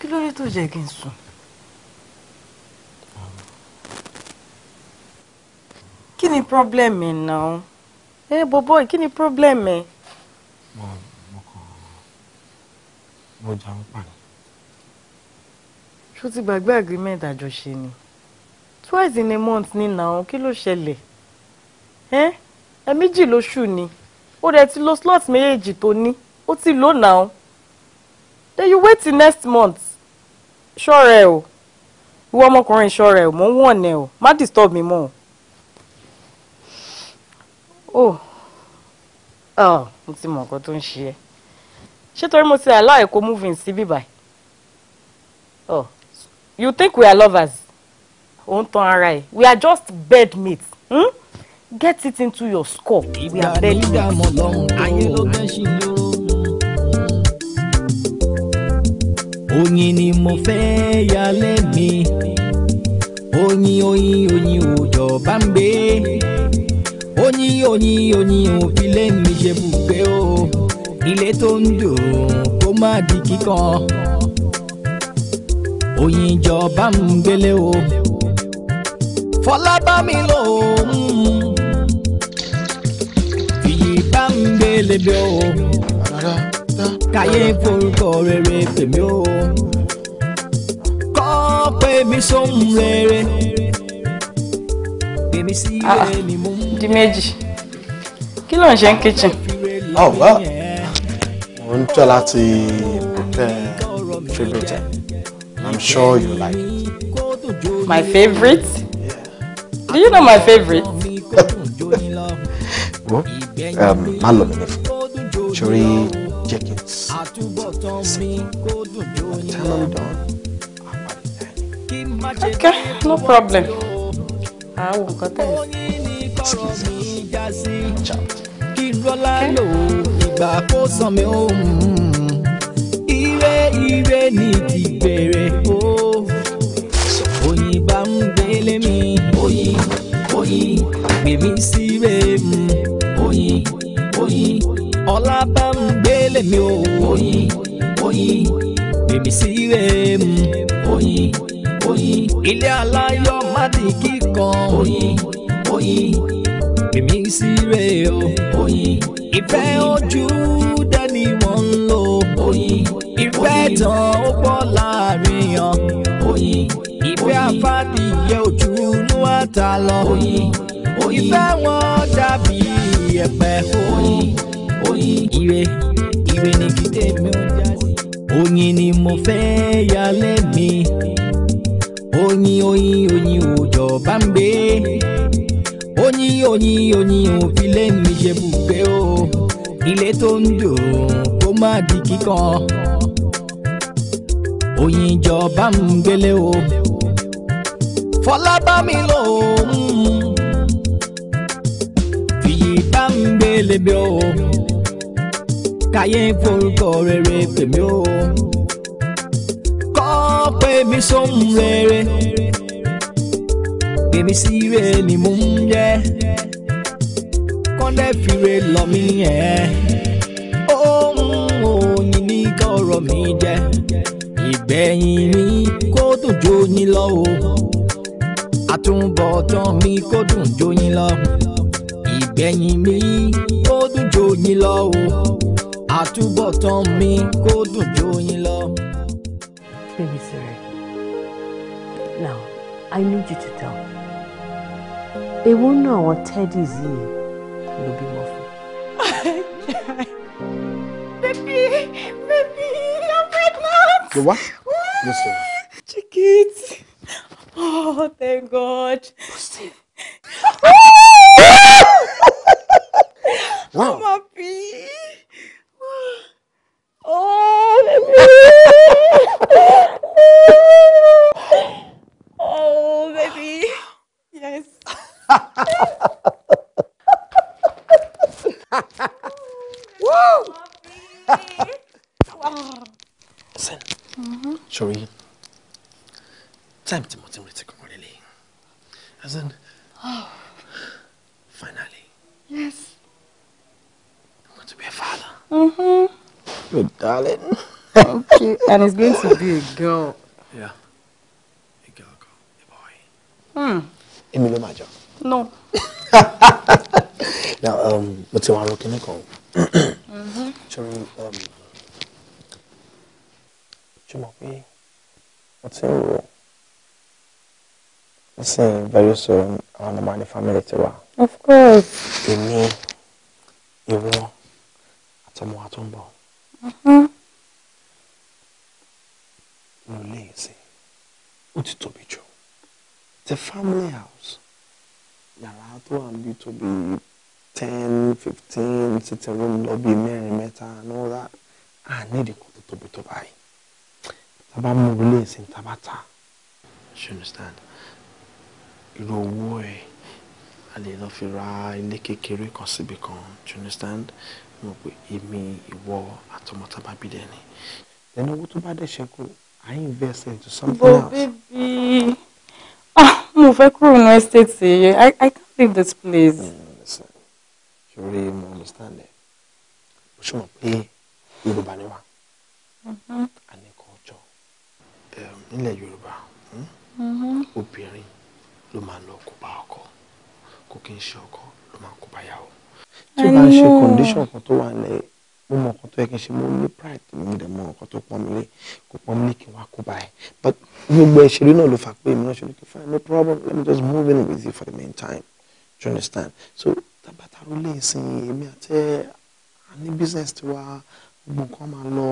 kí ló dé tó jẹ́ kí n sùn. kí ni problem ẹ̀ náà? ẹ bọ̀bọ̀ kí ni problem ẹ̀? ọjà ń pàdé. ṣó ti gbàgbé agreement àjọṣe ni twice in a month ni nàá kí ló ṣẹlẹ̀ ẹ́ ẹ méjì lóṣù ni ó dẹ̀ ti lo slot méjèèjì tó ní ó ti lò nàá then you wait till next month ṣọ́ra ẹ o ìwọ ọmọkùnrin ṣọ́ra ẹ o mò ń wọ̀n ẹ o má disturb mi mọ́ o. oh, oh mo ti mọ̀ nǹkan tó ń ṣe ẹ́ ṣé torí mo ti allow ẹ̀ kó move in sí bíbá oh you think we are lovers òun tan ara ẹ̀ we are just bed mates. hmm? get it into your score we are bedmates. oyin ni mo fẹ́ yálé mi oyin oyin oyin òjò bá ń gbé oyin oyin oyin òfin lẹ́nu ìṣebùgbé o ilé tó ń dùn kó má di kíkan òyìn ìjọba ń gbélé o fọlábàmí ló ń fìyí bá ń gbélé bí o káyé forúkọ rere pèmí o kọ́ pé mi sóhun rere pèmí sí ah, rere ni mo di méjì kí ló ń ṣe ń kitchen. oh wow mo ń tọ́ láti prepare tribute I'm sure you like it. My favorite? Yeah. Do you know my favorite? Um, má lọ mi ní fún sori Jenkins tell done. Okay, no problem. I will cut this. Excuse me. Okay kà kó sàn mí ó mm, ire ire ní ti gbèrè ó òyìnbá ń délé mi oyin oyin gbèmí sí rèé mm. oyin oyin ọlá bá ń gbélé mi ó oyin oyin gbèmí sí rèé mm. oyin oyin ilé aláyọ̀ má di kíkan oyin oyin èmi sì rè o. oyin ìfẹ́ ojú dání wọ́n ń lò. oyin ìfẹ́ tán ó pọ̀ láàrin yan. oyin ìfẹ́ àfàdìyẹ ojú inú àtà lọ. oyin ìfẹ́ wọn dàbí ẹ̀pẹ̀. oyin oyin ire ire ni kí tèmi ó já sí. oyin ni mo fẹ́ yálé mi oyin oyin oyin òjò bá ń gbé ó ní oyin oyin òfìlẹ mi ṣe bùgbé o ilé tó ń dùn kó má di kíkan oyin ìjọba ń gbélé o fọlábàmí lòun fìyí bá ń gbélé bí o káyé forúkọ rere pèmí o kọ́ pé mi sóhun rere pèmí sí rere ni mò ń yẹ. ẹ̀. ohun òyìn ní kọ̀rọ̀ mi jẹ́ ìgbẹ̀yìn mi kó dùn jó yín lọ o àtúbọ̀tán mi kó dùn jó yín lọ ìgbẹ̀yìn mi kó dùn jó yín lọ o àtúbọ̀tán mi kó dùn jó yín lọ. Baby, sir. Now, I need you to tell me. Èwo nú àwọn teddies yìí You what? Yes, sir. Chiquit. Oh, thank God. wow. I'm happy. Oh, baby. oh, baby. Yes. Woo! Listen sori time to mo ti ń retí kankan as in oh. finally yes I'm going to be a father. Mm-hmm. Good darling. okay, and it's going to be a girl. Yeah, a girl, girl a boy. Hmm. Èmi ló máa No. now, um, mo ti wá ro kíní kan. Mm-hmm. Sori, um túmọ̀ pé mo ti ń rò ó sìn bẹ́rù sọ̀rọ̀ àwọn ọmọ ní fámìlì ti wà. of course. èmi ìwọ àtọmọ wa tó ń bọ̀. Uh-huh. mo lè ṣe ó ti tóbi jù the family house yàrá tó wà to be ten fifteen sitting room lobby mẹ́rin mẹ́ta and all that i need nǹkan to be to buy bá mú ilé ìsìn tábà ta. you understand irú owó ẹ a lè lọ fi ra ilé kékeré kan síbi kan you understand mo pe èmi ìwọ àtọmọ tábà bí dẹni. ẹni owó tó bá dẹ̀ ṣẹ́kù i invest into something else. bo baby ah, mo fẹ́ kúrò ní estate yìí i i can't leave this place. ṣòro mm, mo understand ẹ o ṣùgbọ́n pé yorùbá ni wá. Mm-hmm nílẹ̀ Yorùbá hmm? mm-hmm. obìnrin ló máa lọ kópa ọkọ kò kí n ṣe ọkọ ló máa kópa yàwó tí o bá ń ṣe condition kan tó wà ní mo mọ nǹkan tó yẹ kí n ṣe mo ní pride mi dẹ̀ mọ nǹkan tó pọ́n mi lé kò pọ́n mi lé kí n wá kópa ẹ̀ but gbogbo ìṣèlú náà ló fà pé èmi náà ṣe lókè fine no problem let me just move in with you for the meantime do you understand so tabata ló lè sin èmi àti ẹ ní business tiwa gbogbo nǹkan máa lọ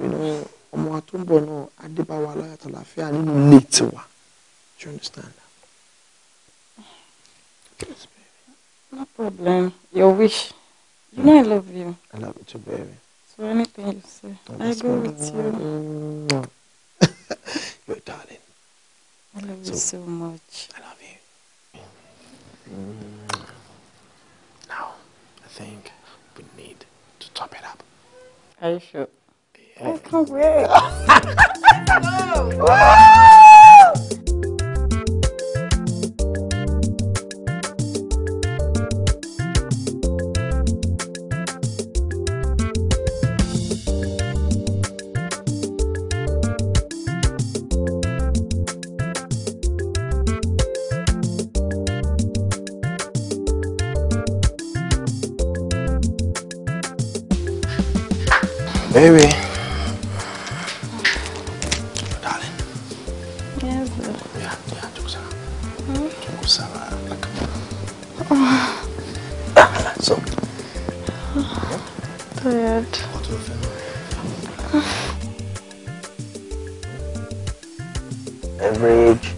you know ọmọ wa náà adébáwa aláyàtọ̀ láfíà nínú ilé tiwa do you understand? No problem. Your wish. You know I love you. I love you too, baby. So anything you say, I, I go with you. Mm-hmm. Your darling. I love so, you so much. I love you. Mm-hmm. Now, I think we need to top it up. Are you sure? I so not Baby. so. Tired. Average.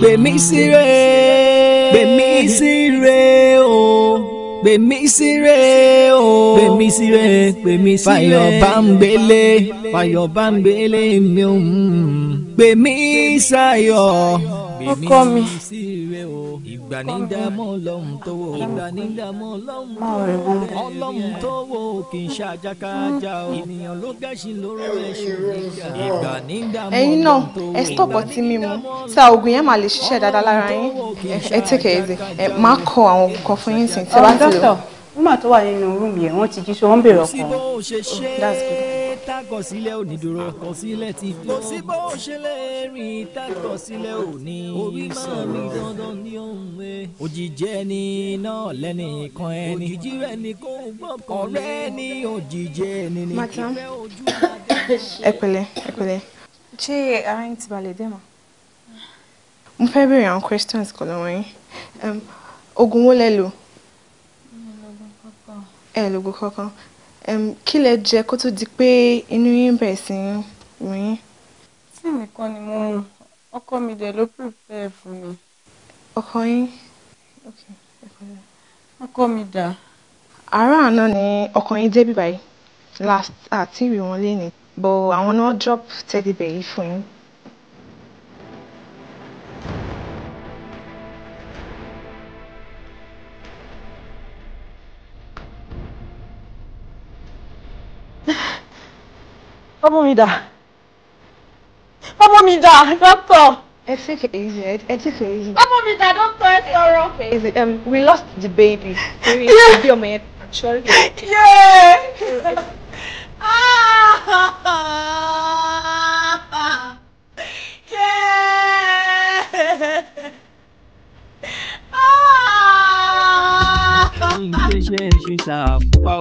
Gbèmí síre, gbèmí síre o gbèmí síre o. gbèmí síre gbèmí síre. fàyọ̀ bá ń gbélé fàyọ̀ bá ń gbélé mi ò mm. ń. gbèmí sáyọ̀. ọkọ mi ìgbà ní ń dààmú ọlọ́run tó wò ìgbà ní ń dààmú ọlọ́run tó wò ọlọ́run tó wò kì í ṣe àjàkájà o ènìyàn ló gẹ̀ṣin lóró ẹ̀ṣin nígbà ìgbà náà ẹ stop ọtí mímu tí a oògùn yẹn máa lè ṣiṣẹ́ dáadáa lára yín ẹ take ẹ máa kọ àwọn oògùn kan fún yín sìn tí ẹ bá ti lò. nígbà tó wà nínú rúùmù yẹn wọ́n ti jí so wọ́n bèrè ọkàn that's good tákọsílẹ̀ ò ní dúró àkọsílẹ̀ ti dúró. kò sí bó o ṣe lè rìn tákọsílẹ̀ ò ní sọ̀rọ̀ máa ní dandan ní òun ẹ. E. òjìji ẹni náà lẹ́nu kan ẹni. òjìji rẹ̀ ni kò gbọ́kàn ọ̀rẹ́ ni òjìji ẹni ni. mata ẹ pẹ̀lẹ́ ṣé ara ti balẹ̀ dé mo fẹ́ béèrè àwọn questions kan lọ́wọ́ yín oògùn wo lẹ lò. ẹ lògùn kankan kí lẹ jẹ kó tó di pé inú yín bẹ̀rẹ̀ sí í rùn yín. tí nìkan ni mo mu ọkọ mi dẹ̀ ló prepare fún mi. ọkọ yín ọkọ mi dà. àárọ̀ àná ni ọkọ yín débí báyìí last àti ìrìn wọn lé ní bọ̀ àwọn náà drop teddy bear yìí fún yín. ọmọ mi dà ọmọ mi dà It's ẹ it's it easy ẹ take it easy. ọmọ mi dà dọ́tọ̀ ẹ sọ̀rọ̀. we lost the baby. be on yẹn actually. Ah! Yeah! Ah!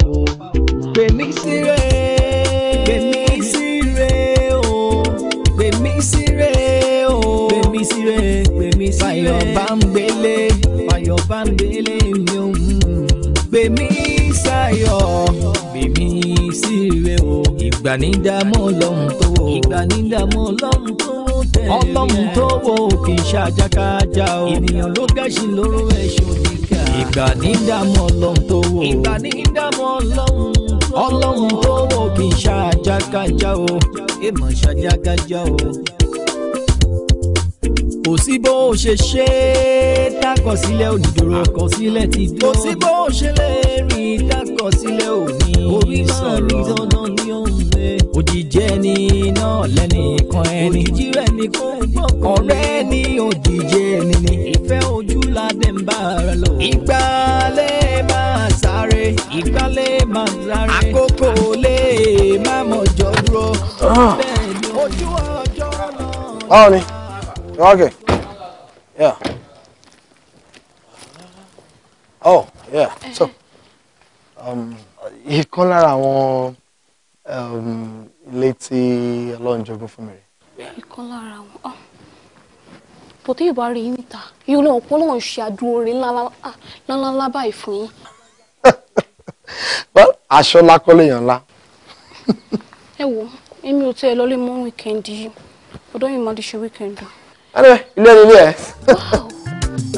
pè mí síre pè mí síre o pè mí síre o pè mí síre pè mí síre fàyọ̀ bá ń gbélé fàyọ̀ bá ń gbélé mi ò pè mí sáyọ̀ pè mí síre o ọlọ́run tó wò kì í ṣàjàkájà o ènìyàn ló gẹ̀ṣin lóró ẹ̀ṣọ́ kíkà ìgbà ní ọlọ́run tó wò ọlọ́run tó wò kì í ṣàjàkájà o èèmọ̀ ṣàjàkájà o. kò sí bó o ṣe ṣe é dákọ̀sílẹ̀ olùdúró àkọsílẹ̀ ti dúró. kò sí bó o ṣe lè rìn dákọ̀sílẹ̀ òní orí sọ̀rọ̀ òjìjẹ ni náà lẹ́nìkan ẹni òjìjì rẹ̀ ni kò gbọ́kàn ọ̀rẹ́ ni òjìjẹ ẹni ni ìfẹ́ ojú ládẹ́ ń bá ara lò. ìgbàlẹ̀ ìgbálẹ̀ máa ń sáré àkókò lè má mọ̀jọ́ dúró ah. ojú ọjọ́ náà. báwo ni okay yeah oh yeah so um, ìkan lára àwọn um, ilé tí ọlọ́run jogún fún mi rè. ìkan lára àwọn ah. bòtí ìbá rí yín níta yìí lóun pọ́ ṣe àdúró rẹ̀ ńláńlá báyìí fún yín aṣọ lákọ́ lèèyàn ńlá. ẹ wo èmi ò tẹ́ ẹ lọ́lé mú wíkẹ́ndì yìí ọdọ́ yìí máa di ṣe wíkẹ́ndì. anyway ilé ni ilé ẹ.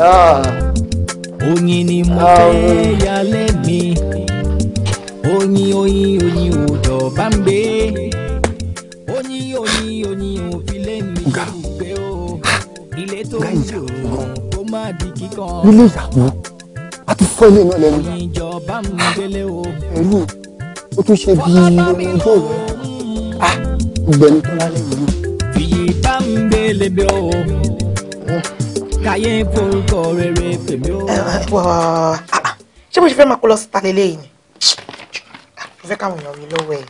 Ah. oyin ni mo ah. fẹ́ yálé mi oyin oyin oyin ò dọ̀ bá ń gbé oyin oyin oyin ò fi lé mi ṣe gbé o ilé tó ń jò ó má di kíkan. ilé ìyàwó fún ilé náà lẹ́nu ẹ̀rú ó tún ṣe bí omi ojú òru a ah, ìgbẹ́ni tó lálẹ́ yìí. fìyí bá ń gbélé bí o eh. káyé forúkọ rere pèmí o. Eh, eh, ah, ah. ṣé mo ṣe fẹ́ máa kó lọ síta lélẹ́yìn ni mo fẹ́ káwọn èèyàn mi lọ́wọ́ ẹ̀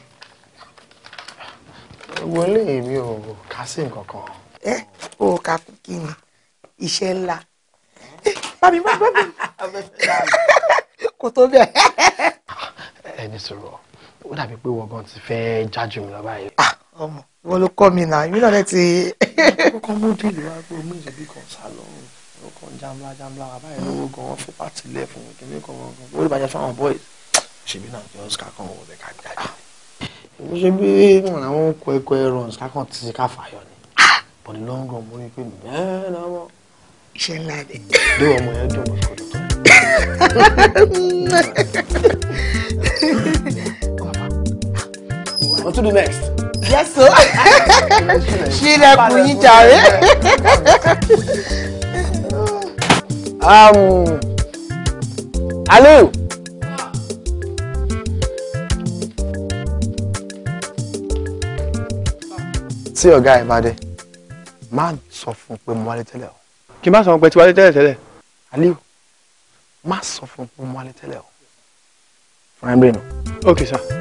wọlé mi ò kà sí nǹkan kan. ẹ o kà kí ni iṣẹ́ ńlá bá mi wá bá mi. kò tó bẹ́ẹ̀. ẹni sọ̀rọ̀ ó dàbí pé wọ́n gan ti fẹ́ jájú mi lọ́ba yìí. Ah, ọmọ wọn ló kọ́ mi náà èmi náà lẹ́ ti. kọ́kọ́ mú dìlù wá pé omi ìjẹ̀bí kan sá lọ ọkọ̀ jambla jambla àbáyé lówó gan wọn fún pàtì lẹ̀ fún mi kìnìún kan gan lórí ìbàjẹ́ fáwọn boys ṣèbí náà jọ ṣ ah. mo ṣe bí wọn àwọn kọ ẹkọ ẹrọ ṣàkàntì ká fàyọ ni ah. bọ̀dé lọ́ngàn mo rí i pé bẹ́ẹ̀ náà wọ́n iṣẹ́ ńlá ni. bí ọmọ yẹn dùn mọ́ kò dùn. on to do next. yes so ṣílẹ̀kùn yín jàre. Um, Aliu. tí ọ̀gá ẹ̀ bá dé máa sọ fún un pé mo wálé tẹ́lẹ̀ o kí n bá sọ wọn pé tí wálé tẹ́lẹ̀ tẹ́lẹ̀ aliu má sọ fún un pé mo wálé tẹ́lẹ̀ o. fúnra ẹ bẹ́ẹ̀ nù. sir.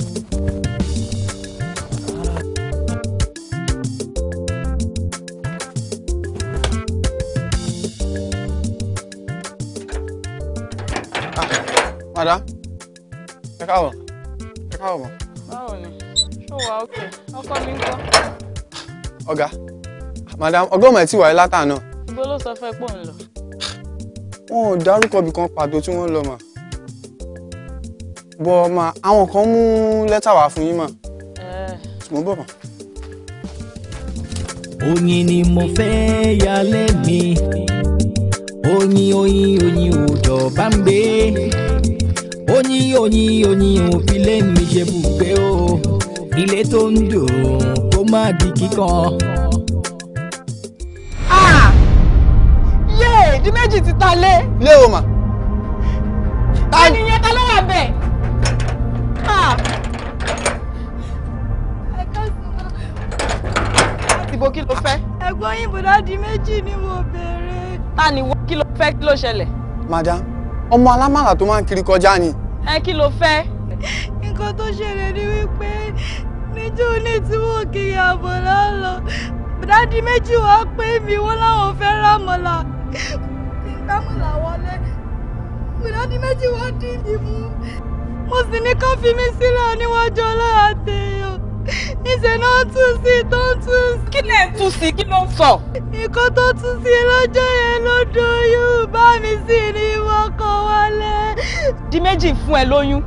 madam ọgbọ́n mọ̀ ti wà látàná. ibo ló sọ fẹ́ pò ń lọ. wọn dárúkọ ibì kan pàtó tí wọ́n lọ mà. bọ́ ma àwọn kan mú lẹ́tà wá fún yín mà. Eh. mo bọ̀ mà. oyin ni mo fẹ́ yálé mi oyin oyin oyin ò dọ̀bá ń gbé oyin oyin oyin ò fi lé mi ṣe bùgbé o ilé tó ń dùn kó má di kíkan. wà lé. lé o mà. ẹnìyẹn ta ló wà bẹ́ẹ̀. ìbò kí ló fẹ́. ẹ̀gbọ́n yín bùdá di méjì ni mo béèrè. ta ni wọ́n kí ló fẹ́ kí ló ṣẹlẹ̀. madam ọmọ alámàlà tó máa ń kiri kọjá ni. ẹ kí ló fẹ́. nǹkan tó ṣẹlẹ̀ ni wípé níjọ́ ní tí wọ́n kiri àbọ̀ lọ́lọ́ bùdá di méjì wá pé mi wọ́n láwọn fẹ́ rámọ́là gbámúlà wọlé mìlọ́dí méjì wá dí mi mú mo sì ní kó fi mí sílẹ̀ níwájú ọlọ́run àtẹ̀yàn níṣẹ́ náà tún sí tó ń tún sí. kí lẹ̀ ń tún sí kí ló ń sọ. nǹkan tó tún sí lọ́jọ́ yẹn ló doyún bá mi sì ní wọ́kọ̀ wálé. di méjì fún ẹ lóyún.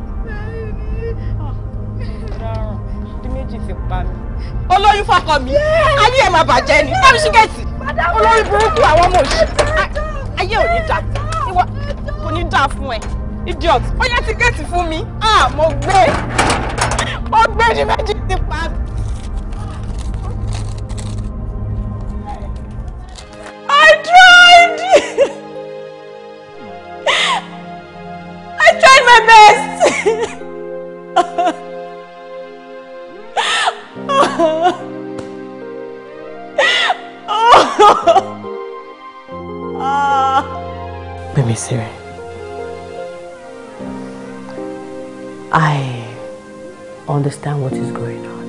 di méjì fi pa mi. olóyún fakọ mi ayé ẹ máa bàjẹ́ ni bá mi ṣí kẹ́sì olórí burúkú àwọn ọmọ òṣì ayé ò ní dà ìwọ kò ní dà fún ẹ idiot ó yẹ tíkẹ́ẹ̀tì fún mi ah mo gbé mo gbé ní méjì ti pa á. understand what is going on.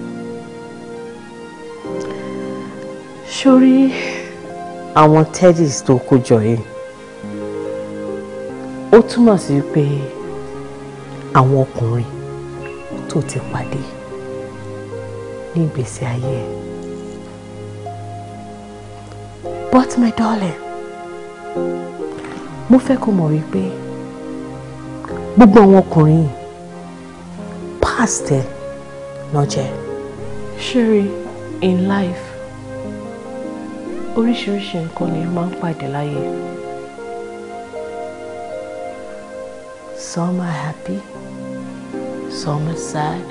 Ṣorí àwọn teddies tó kó jọ yìí ó túmọ̀ sí pé àwọn ọkùnrin tó ti pàdé ní ìgbésí ayé ẹ̀. But my darling, mo fẹ́ kó mọ̀ wípé gbogbo àwọn ọkùnrin past ẹ̀ náà jẹ. Sherry, in life oríṣiríṣi nǹkan ni a máa ń pàdé láyé. Some are happy, some are sad,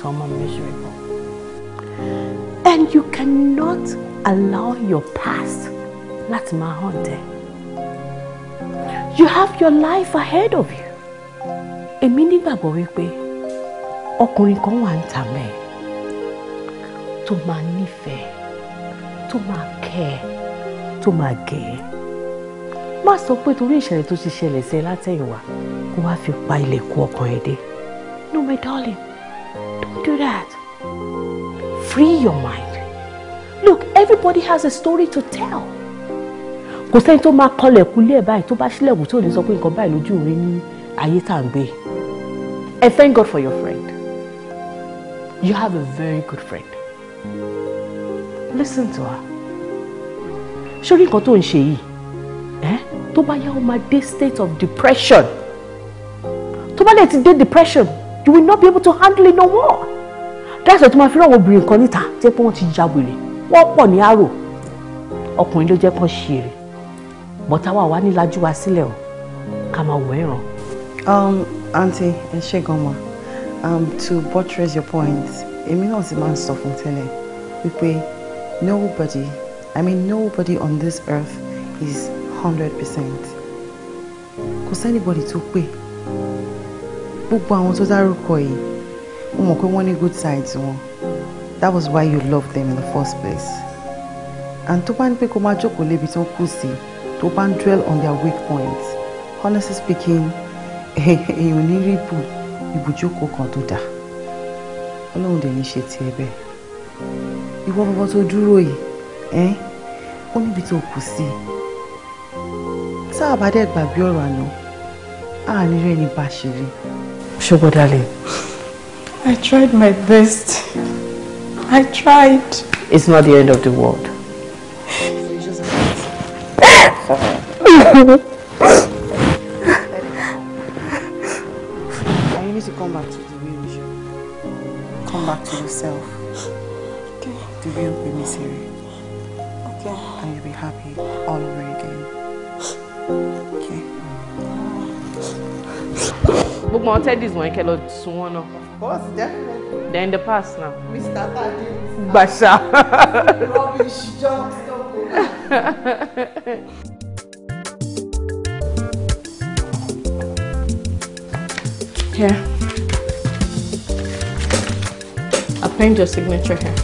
some are miserable. And you cannot allow your past láti máa haunt ẹ. You have your life ahead of you. Èmi nígbàgbọ́ wípé ọkùnrin kan wà ń tà mẹ́ tó máa nífẹ̀ẹ́ tó máa kẹ́ ẹ tó máa gẹ̀ ẹ́ má sọ pé torí ìṣẹ̀lẹ̀ tó ti ṣẹlẹ̀ sí ẹ látẹ̀yìnwá kó wá fi pa ilẹ̀kùn ọkàn ẹ dé no my darling don't do that free your mind look everybody has a story to tell kò sẹ́ni tó máa kọlẹ̀kùn lé ẹ̀ báyìí tó bá ṣílẹ̀kùn tí ò ní sọ pé nǹkan báyìí lójú òun rí ní ayé tá à ń gbé and thank God for your friend. You have a very good friend. Listen to her. Ṣorí nǹkan tó ń ṣe yìí, ẹ́ tó bá yá o máa dé state of depression. Tó bá lè ti dé depression, you will not be able to handle it no more. That's why tó máa fi ràn wọ́n obìnrin kan níta tí pé wọ́n ti ya wèrè. Wọ́n pọ̀ ní àrò. Ọkùnrin ló jẹ́ kán ṣe èrè. Bọ̀tá wa wá ní lajú wa sílẹ̀ o. Ká máa wọ̀ ẹ̀ràn. Um, aunty, ẹ ṣe gan-an um, to buttress your point èmi náà sì máa ń sọ fún tẹ́lẹ̀ wípé nobody i mean nobody on this earth is hundred percent kò sẹ́nibọ̀dì tó pé gbogbo àwọn tó dárúkọ yìí wọ́n mọ̀ pé wọ́n ní good sides wọn that was why you loved them in the first place and tó bá ní pé kó máa jókòó lébi tó kù sí tó bá ń dwell on their weak points honestly speaking èèyàn ní rí bù ibùjókòó kan tó dáa ọlọ́run dẹ̀ ní ṣe tiẹ̀ bẹ́ẹ̀ ìwọ bọ́bọ́ tó dúró yìí ẹ́n ó níbi tó kù sí i tá a bá dẹ̀ gbàgbé ọ̀rọ̀ àná àní rẹ̀ ní bá ṣe rí. ṣùgbọ́n dalẹ̀. I tried my best. I tried. It's not the end of the world. àwọn teddies wọn kẹ lọ sun wọn náà. of course definitely. they're in the past now. mr tadi. Basha. rubbish jokes tó kù. Here. I'll paint your signature here.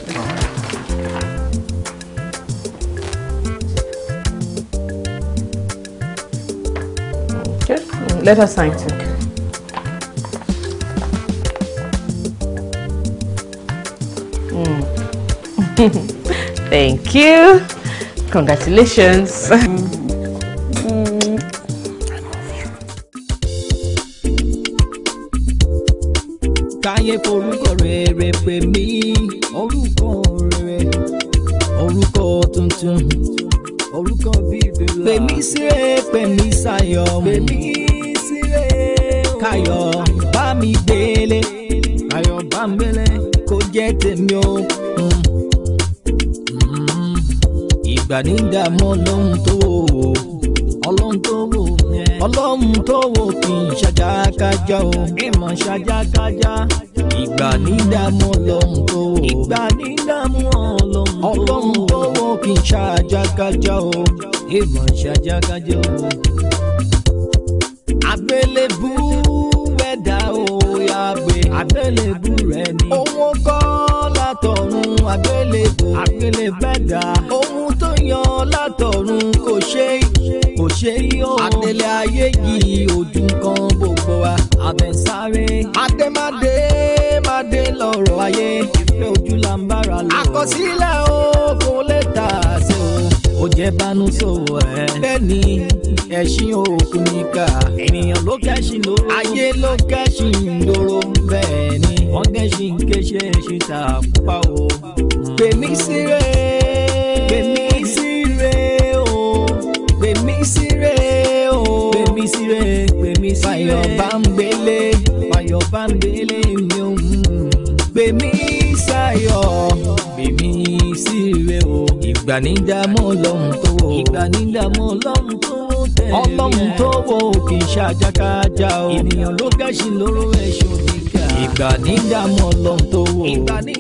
Okay, let us sign it. Thank you. Congratulations. táyé fòrò. àkọsílẹ̀ oògùn lẹ́tà so ó jẹ́ bánú sòwò ẹ̀. bẹ́ẹ̀ni ẹ̀sìn òkú níkà ènìyàn ló kẹ́sìn lóró ayé ló kẹ́sìn lóró bẹ́ẹ̀ni wọ́n kẹ́sìn kéṣe ẹ̀sìn tà púpà o. pèmí síre ìgbà ní dààmú ọlọ́run tó wò. ìgbà ní dààmú ọlọ́run tó wò tẹ̀lé. ọlọ́run tó wò kì í ṣàjàkájà o. ènìyàn ló gàṣì lóró ẹ̀ṣọ́ kíkà. ìgbà ní dààmú ọlọ́run tó wò. ìgbà ní